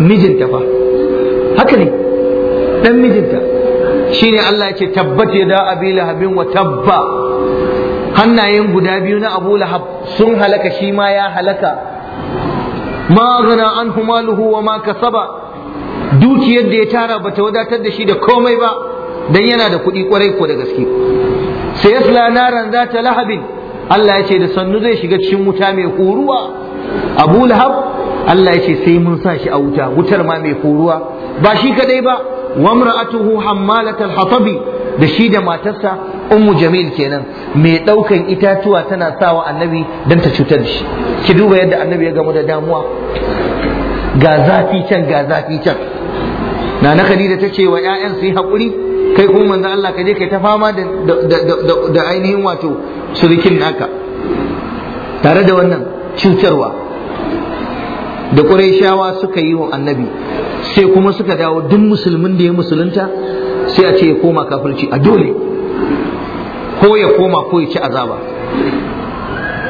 mijinta fa haka ne dan mijinta shine Allah ya ce tabbata da abi lahabin wa tabba hannayen guda biyu na abu lahab sun halaka shi ma ya halaka ma gana an maluhu wa ma kasaba dukiyar da ya tara ba ta wadatar da shi da komai ba dan yana da kuɗi kwarai ko da gaske sai yasla naran za ta lahabin Allah ya ce da sannu zai shiga cikin wuta mai koruwa Abu Lahab Allah ya ce sai mun sa shi a wuta wutar ma mai koruwa ba shi kadai ba wa mar'atuhu al hatabi da shi da matarsa ummu jamil kenan mai daukan itatuwa tana sawa annabi dan ta cutar da shi ki duba yadda annabi ya gamu da damuwa ga zafi can ga zafi can na na khadija ta ce wa 'ya'yan su yi hakuri, kai kuma manzo Allah ka je kai ta fama da da ainihin wato surukin naka tare da wannan cutarwa da Qurayshawa suka yi wa annabi sai kuma suka dawo duk musulmin da ya musulunta sai a ce ya koma kafirci a dole ko ya koma ko ya ci azaba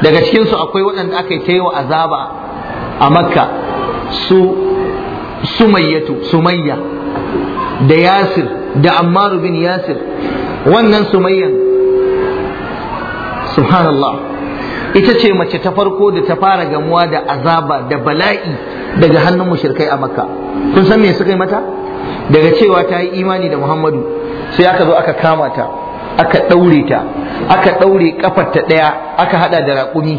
daga cikinsu akwai waɗanda aka yi ta wa azaba a makka su sumayyatu sumayya da Yasir da Ammar bin Yasir wannan sumayyan subhanallah ita ce mace ta farko da ta fara gamuwa da azaba da bala'i daga hannun mushrikai a makka kun san me suka yi mata daga cewa ta yi imani da muhammadu sai aka zo aka kama ta aka ɗaure ta aka ɗaure ƙafarta ɗaya aka haɗa da raƙumi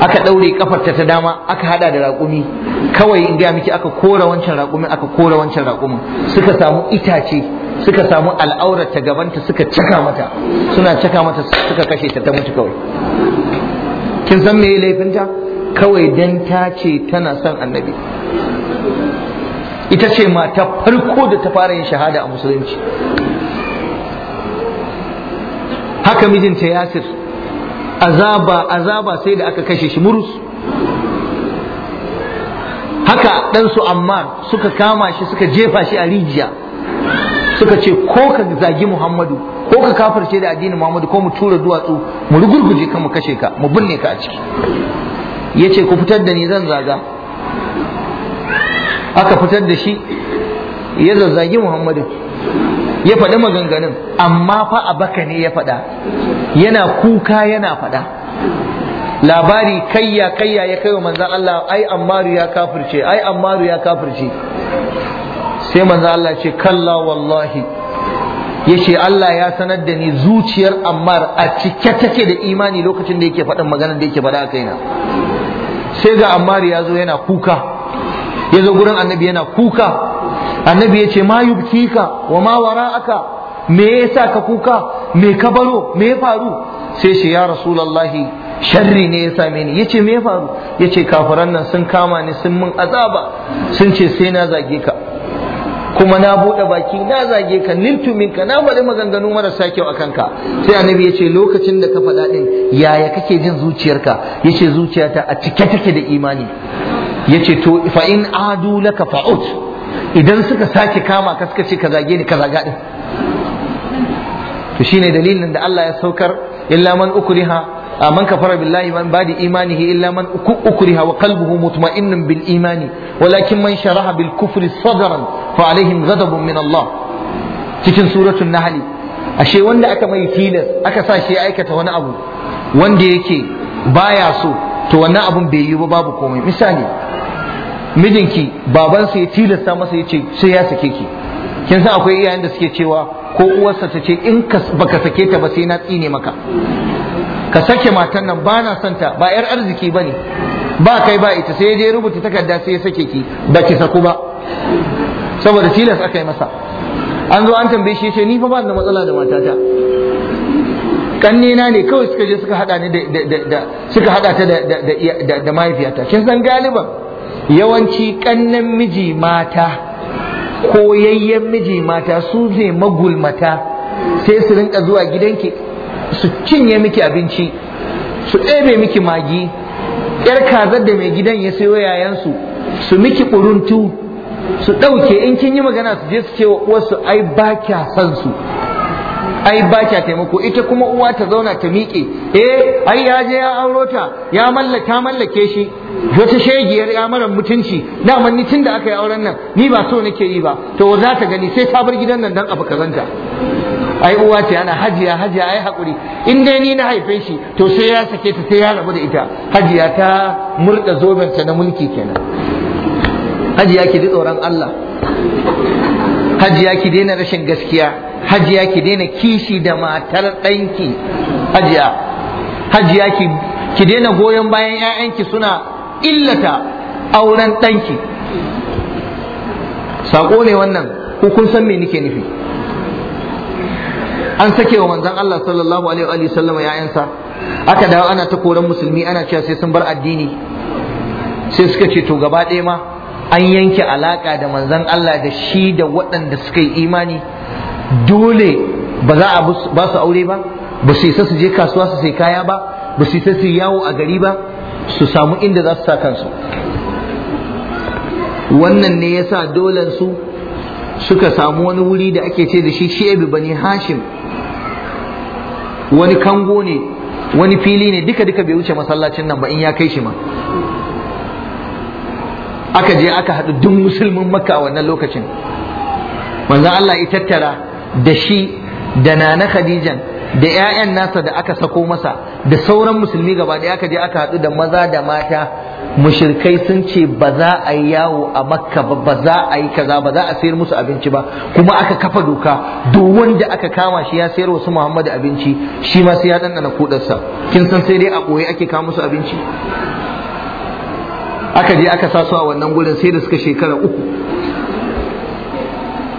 aka ɗaure kafarta ta dama aka hada da raƙumi kawai in gaya miki aka kora wancan raƙumin aka kora wancan raƙumin suka samu itace suka samu al'aurar ta gabanta suka caka mata suna caka mata suka kashe ta ta mutu kawai kin san me laifinta kawai dan ta ce tana son annabi ita ce mata farko da ta fara yin shahada a musulunci haka mijinta yasir azaba azaba sai da aka kashe shi murus haka ɗansu ammar suka kama shi suka jefa shi a rijiya suka ce ko ka zagi muhammadu ko ka kafarce da addinin muhammadu ko mu tura duwatsu mu rugurguje ka mu kashe ka mu binne ka a ciki ya ce ku fitar da ni zan zaga aka fitar da shi ya zazzagi muhammadu ya faɗi maganganun amma fa a baka ne ya faɗa yana kuka yana faɗa labari kayya kayya ya kai wa manzan Allah ai ammaru ya kafirce ai ammaru ya kafirce sai manzan Allah ce kalla wallahi ya ce Allah ya sanar da ni zuciyar ammar a cike take da imani lokacin da yake faɗin maganar da yake faɗa a kaina sai ga ammar ya zo yana kuka ya zo gurin annabi yana kuka annabi ya ce ma yubkika wa ma wara'aka me yasa ka kuka me ka baro me ya faru sai shi ya rasulullahi sharri ne ya same ni yace me ya faru yace kafiran nan sun kama ni sun min azaba sun ce sai na zage ka kuma na buɗe baki na zage ka niltu ka, na faɗi maganganu marasa kyau akan ka sai annabi ya ce lokacin da ka faɗa ɗin yaya kake jin zuciyarka ya ce zuciyata a cike take da imani ya ce to fa in adu laka fa'ut idan suka sake kama ka suka ce ka zage ni ka zaga din to shine dalilin da Allah ya saukar illa man ukriha man kafara billahi man badi imanihi illa man ukriha wa qalbuhu mutma'innun bil imani walakin man sharaha bil kufri sadran fa alaihim ghadabun min Allah cikin suratul nahl ashe wanda aka mai tilas aka sa shi aikata wani abu wanda yake baya so to wannan abun bai yi ba babu komai misali mijinki babansa ya tilasta masa ya ce sai ya sake ki kin san akwai iyayen da suke cewa ko uwarsa ta ce in baka sake ta ba sai na tsine maka ka sake matan nan ba na son ta ba yar arziki bane ba kai ba ita sai je rubuta takarda sai ya sake ki ba ki saku ba saboda tilas aka yi masa an zo an tambaye shi ya ce ni fa ba da matsala da matata kannina ne kawai suka je suka hada ni da suka hada ta da mahaifiyata kin san galiban yawanci kannan miji mata ko yayyen miji mata su ne magulmata sai su rinka zuwa gidanki su cinye miki abinci su ɗebe miki magi yar kazar da mai gidan ya sayo yayansu su miki ƙuruntu su ɗauke in kin yi magana su je su ce wa uwarsu ai ba kya san su ai ba kya taimako ita kuma uwa ta zauna ta miƙe eh ai ya je ya auro ta ya mallaka mallake shi wata shegiyar ya mara mutunci dama ni tun da aka yi auren nan ni ba so nake yi ba to za ta gani sai ta bar gidan nan dan abu kazanta ai uwa ce ana hajiya hajiya ai hakuri in dai ni na haife shi to sai ya sake ta sai ya rabu da ita hajiya ta murda zoben ta na mulki kenan hajiya ki ji tsoron Allah hajiya ki daina rashin gaskiya hajiya ki daina kishi da matar ɗanki hajiya hajiya ki daina goyon bayan 'ya'yanki suna illata auren ɗanki saƙo ne wannan ko kun san me nike nufi an sake wa manzon Allah sallallahu alaihi wa sallama ya'yansa aka dawo ana ta koran musulmi ana cewa sai sun bar addini sai suka ce to gaba ɗaya ma an yanke alaƙa da manzon Allah da shi da waɗanda suka yi imani dole ba za a ba su aure ba ba su isa su je kasuwa su sai kaya ba ba su isa su yawo a gari ba su samu inda za su sa kansu wannan ne ya sa su suka samu wani wuri da ake ce da shi shebi bani hashim wani kango ne wani fili ne duka duka bai wuce masallacin nan ba in ya kai shi ma aka je aka haɗu duk musulmin makka a wannan lokacin manzan Allah ya tattara da shi da nana khadijan da 'ya'yan nasa da aka sako masa da sauran musulmi gaba da aka je aka haɗu da maza da mata mushirkai sun ce ba za a yi yawo a makka ba za a yi kaza ba za a sayar musu abinci ba kuma aka kafa doka duk wanda aka kama shi ya sayar wasu muhammadu abinci shi ma sai ya ɗanɗana kudarsa kin san sai dai a ɓoye ake kama musu abinci aka je aka sa su a wannan gurin sai da suka shekara uku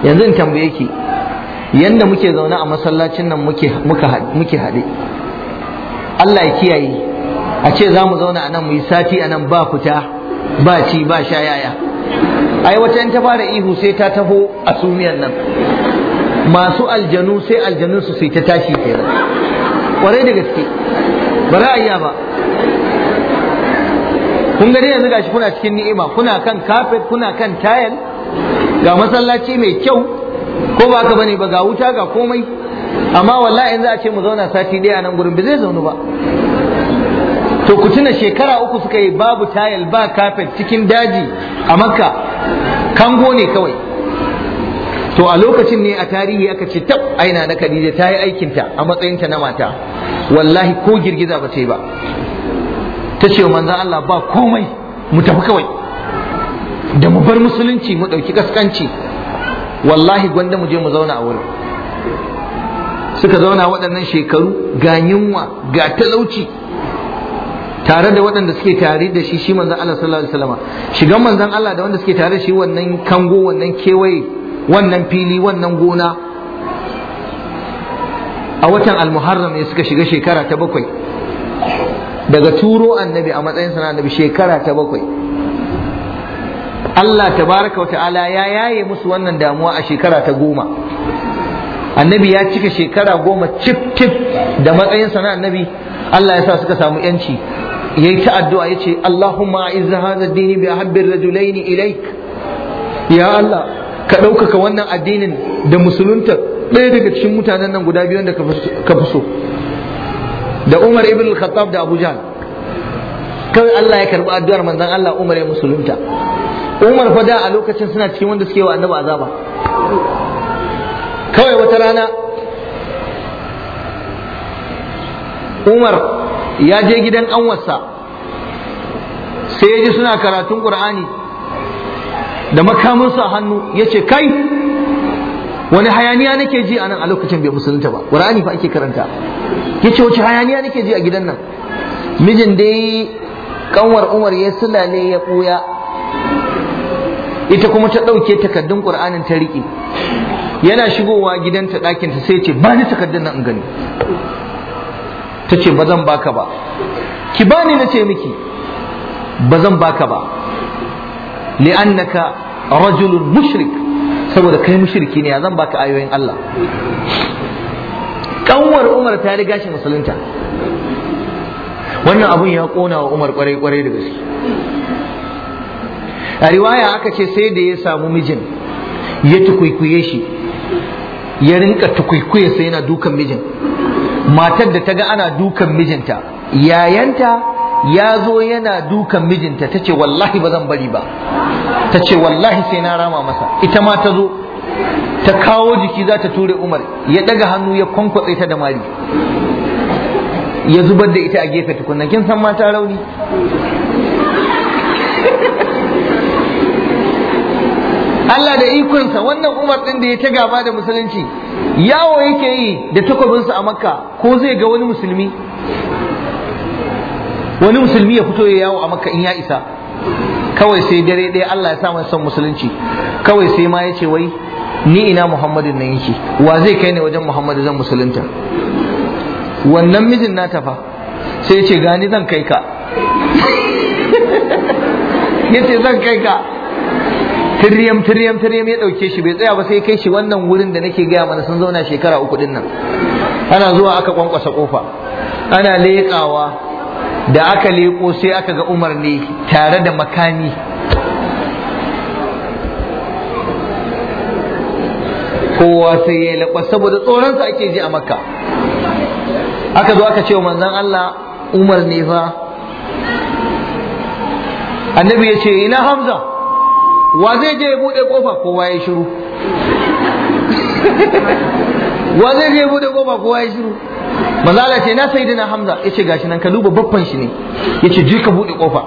yanzu in tambaye ki yanda muke zaune a masallacin nan muke haɗe Allah ya kiyaye a ce za mu zauna a nan mu yi sati a nan ba fita ba ci ba sha yaya ai wata ta fara ihu sai ta taho a sumiyar nan masu aljanu sai aljanun su sai ta tashi kenan kwarai da gaske ba ra'ayya ba kun gani yanzu gashi kuna cikin ni'ima kuna kan kafet kuna kan tayal ga masallaci mai kyau ko ba ka bane ba ga wuta ga komai amma wallahi in a ce mu zauna sati ɗaya a nan gurin ba zai zaunu ba to ku tuna shekara uku suka yi babu tayil ba kafet cikin daji a makka kango ne kawai to a lokacin ne a tarihi aka ce tab aina na Khadija ta yi aikinta a matsayinta na mata wallahi ko girgiza ba ce ba ta ce manzan Allah ba komai mu tafi kawai da mu bar musulunci mu ɗauki kaskanci wallahi gwanda mu je mu zauna a wurin suka zauna waɗannan shekaru ga yunwa ga talauci tare da waɗanda suke tare da shi shi manzan Allah sallallahu alaihi wasallam shigan manzan Allah da wanda suke tare da shi wannan kango wannan kewaye wannan fili wannan gona a watan al-muharram ne suka shiga shekara ta bakwai daga turo annabi a matsayin sana annabi shekara ta bakwai Allah tabaraka wa ta'ala ya yaye musu wannan damuwa a shekara ta goma annabi ya cika shekara goma cif cif da matsayinsa na annabi Allah ya sa suka samu yanci ya yi ta addu'a ya ce Allahumma izz hadha dini bi ahabbi rajulaini ilaik ya Allah ka ɗaukaka wannan addinin da musulunta ɗaya daga cikin mutanen nan guda biyu da ka fi so da Umar ibn al-Khattab da Abu kawai Allah ya karɓi addu'ar manzon Allah Umar ya musulunta umar fa da a lokacin suna cikin wanda suke wa annabi azaba kawai wata rana umar ya je gidan ƙanwarsa sai ya ji suna karatun ƙur'ani da makaminsu a hannu ya ce kai wani hayaniya nake ji a nan a lokacin bai musulunta ba ƙur'ani fa ake karanta ya ce wace hayaniya nake ji a gidan nan mijin dai ƙanwar umar ya sula ne ya ɓuya ita kuma ta ɗauke takardun ƙur'anin ta riƙe yana shigowa gidanta ɗakinta sai ce ba ni takardun nan gani ta ce ba zan baka ba ki bani na ce miki ba zan baka ba li'annaka rajulun mushrik saboda kai mushriki ne ya zan baka ayoyin Allah kanwar Umar ta riga shi musulunta wannan abun ya kona wa Umar kwarai kwarai da gaske a riwaya aka ce sai da ya samu mijin ya tukwikwiye shi ya rinka tukwikwiye sai yana dukan mijin matar da ta ga ana dukan mijinta yayanta ya zo yana dukan mijinta ta ce wallahi ba zan bari ba ta ce wallahi sai na rama masa ita ma ta zo ta kawo jiki za ta ture umar ya daga hannu ya kwankwatse ta da mari ya zubar da ita a gefe tukunna kin san mata rauni Allah da ikonsa wannan Umar din da ya ta gaba da musulunci yawo yake yi da takwabinsa a Makka ko zai ga wani musulmi wani musulmi ya fito ya yawo a Makka in ya isa kawai sai dare ɗaya Allah ya sa masa son musulunci kawai sai ma ya ce wai ni ina Muhammadin nan yake wa zai kai ni wajen Muhammadu zan musulunta wannan mijin na tafa sai ya ce gani zan kai ka ya ce zan kai ka tiryam tiryam tiryam ya dauke shi bai tsaya ba sai kai shi wannan wurin da nake gaya mana sun zauna shekara uku din nan ana zuwa aka kwankwasa kofa ana leƙawa da aka leƙo sai aka ga Umar ne tare da makami kowa sai ya laƙwa saboda tsoronsa ake ji a makka aka zo aka ce wa manzon Allah Umar ne fa annabi ya ce ina Hamza wa zai je ya bude kofa kowa ya shiru wa zai je bude kofa kowa ya shiru manzala ce na sayyidina hamza yace gashi nan ka duba babban shi ne yace je ka bude kofa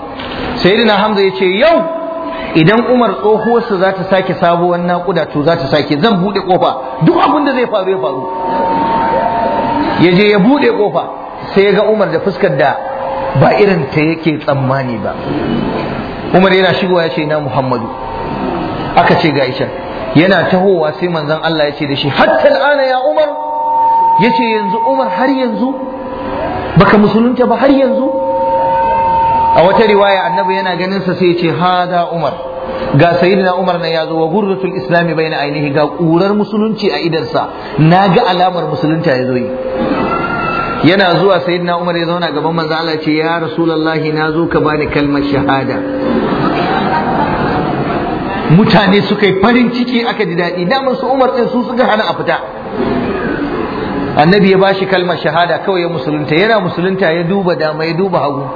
sayyidina hamza yace yau idan umar tsohuwarsa za ta sake sabuwar naƙuda to za ta sake zan bude kofa duk abin da zai faru ya faru ya je ya bude kofa sai ya ga umar da fuskar da ba irin ta yake tsammani ba umar yana shigowa ya ce na muhammadu aka ce ga isha yana tahowa sai manzon Allah ya ce da shi hatta ana ya umar ya ce yanzu umar har yanzu baka musulunta ba har yanzu a wata riwaya annabi yana ganin sa sai ya ce hada umar ga sayyidina umar nan ya zo wa gurratul islami bayna ainihi ga kurar musulunci a idarsa naga alamar musulunta ya zo yi yana zuwa sayyidina Umar ya zauna gaban manzo Allah ce ya rasulullahi na zo ka bani kalmar shahada mutane suka yi farin ciki aka ji daɗi daman su Umar din su suka hana a fita annabi ya bashi kalmar shahada kawai ya musulunta yana musulunta ya duba dama ya duba hagu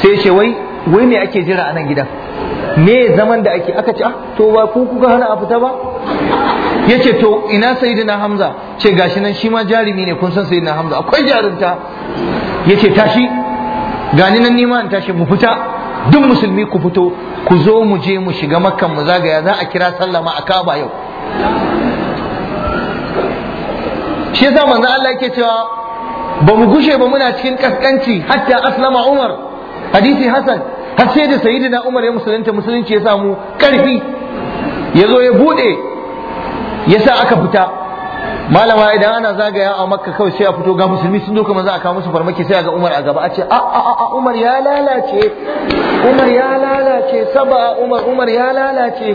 sai ce wai wai me ake jira a nan gidan me zaman da ake aka ce ah to ba ku kuka hana a fita ba yace to ina na hamza ce gashi nan shi ma jarumi ne kun san na hamza akwai jarumta yace tashi gani nan nima in tashi mu fita duk musulmi ku fito ku zo mu je mu shiga makkan mu zagaya za a kira sallama a kaba yau shi yasa manzo Allah yake cewa ba mu gushe ba muna cikin kaskanci hatta aslama Umar hadisi Hassan har sai da sayyidina Umar ya musulunta musulunci ya samu karfi ya zo ya bude yasa aka fita malama idan ana zagaya a makka kawai sai a fito ga musulmi sun doka maza a kawo musu farmaki sai ga umar a gaba a ce a a a umar ya lalace umar ya lalace saba umar umar ya lalace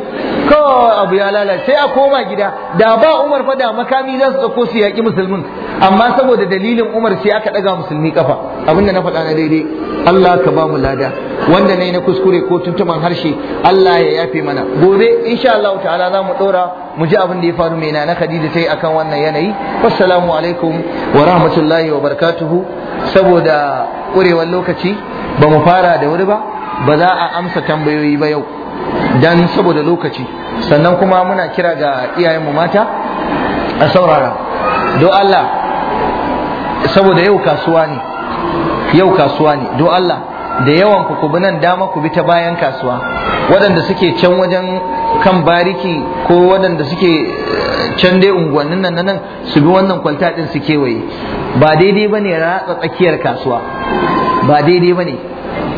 kawai abu ya lalace sai a koma gida da ba umar fa da makami zasu tsako su yaki musulmin amma saboda dalilin umar sai aka daga musulmi kafa abinda na faɗa na daidai Allah ka ba mu lada wanda nayi na kuskure ko tuntuman harshe Allah ya yafe mana gobe insha Allah ta'ala za mu ɗora mu ji abin da ya faru mena na Khadija ta yi akan wannan yanayi assalamu alaikum wa rahmatullahi wa barakatuhu saboda kurewar lokaci ba mu fara da wuri ba ba za a amsa tambayoyi ba yau dan saboda lokaci sannan kuma muna kira ga iyayenmu mata a saurara don Allah saboda yau kasuwa ne yau kasuwa ne don Allah da yawan ku bi dama ku bi ta bayan kasuwa waɗanda suke can wajen kan bariki ko waɗanda suke eh, can dai unguwannin nan nan su bi wannan kwalta ɗin su kewaye ba daidai ba ne ratsa tsakiyar kasuwa ba daidai ba ne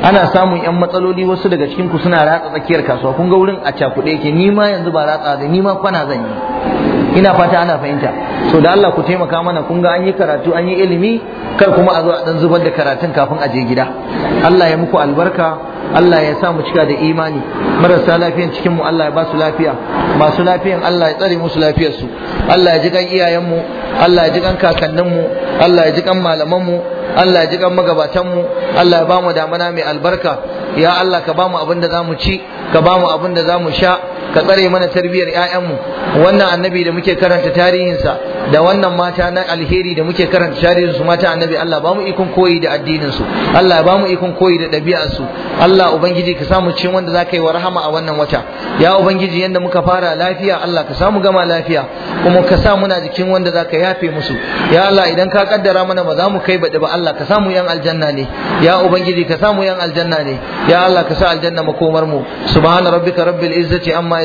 ana samun yan matsaloli wasu daga cikin ku suna ratsa tsakiyar kasuwa kun ga wurin a cakuɗe yake ni ma yanzu ba ratsa da ni ma kwana zan yi ina fata ana fahimta so da Allah ku taimaka mana kun ga an yi karatu an yi ilimi kar kuma a zo a dan zubar da karatun kafin a je gida Allah ya muku albarka Allah ya sa mu cika da imani marasa lafiyan cikin mu Allah ya ba su lafiya masu lafiyan Allah ya tsare musu lafiyar su Allah ya ji kan iyayen mu Allah ya ji kan kakannin mu Allah ya ji kan malaman mu Allah ya ji kan magabatan mu Allah ya ba mu damana mai albarka ya Allah ka ba mu abin da za mu ci ka ba mu abin da za mu sha ka tsare mana tarbiyar ƴaƴanmu wannan annabi da muke karanta tarihinsa da wannan mata na alheri da muke karanta tarihinsu mata annabi Allah ba mu ikon koyi da addininsu Allah ba mu ikon koyi da ɗabi'arsu Allah ubangiji ka samu cin wanda za ka yi wa rahama a wannan wata ya ubangiji yanda muka fara lafiya Allah ka samu gama lafiya kuma ka sa muna jikin wanda za ka yafe musu ya Allah idan ka kaddara mana ba za mu kai baɗi ba Allah ka samu yan aljanna ne ya ubangiji ka samu yan aljanna ne ya Allah ka sa aljanna makomar mu subhana rabbika rabbil izzati amma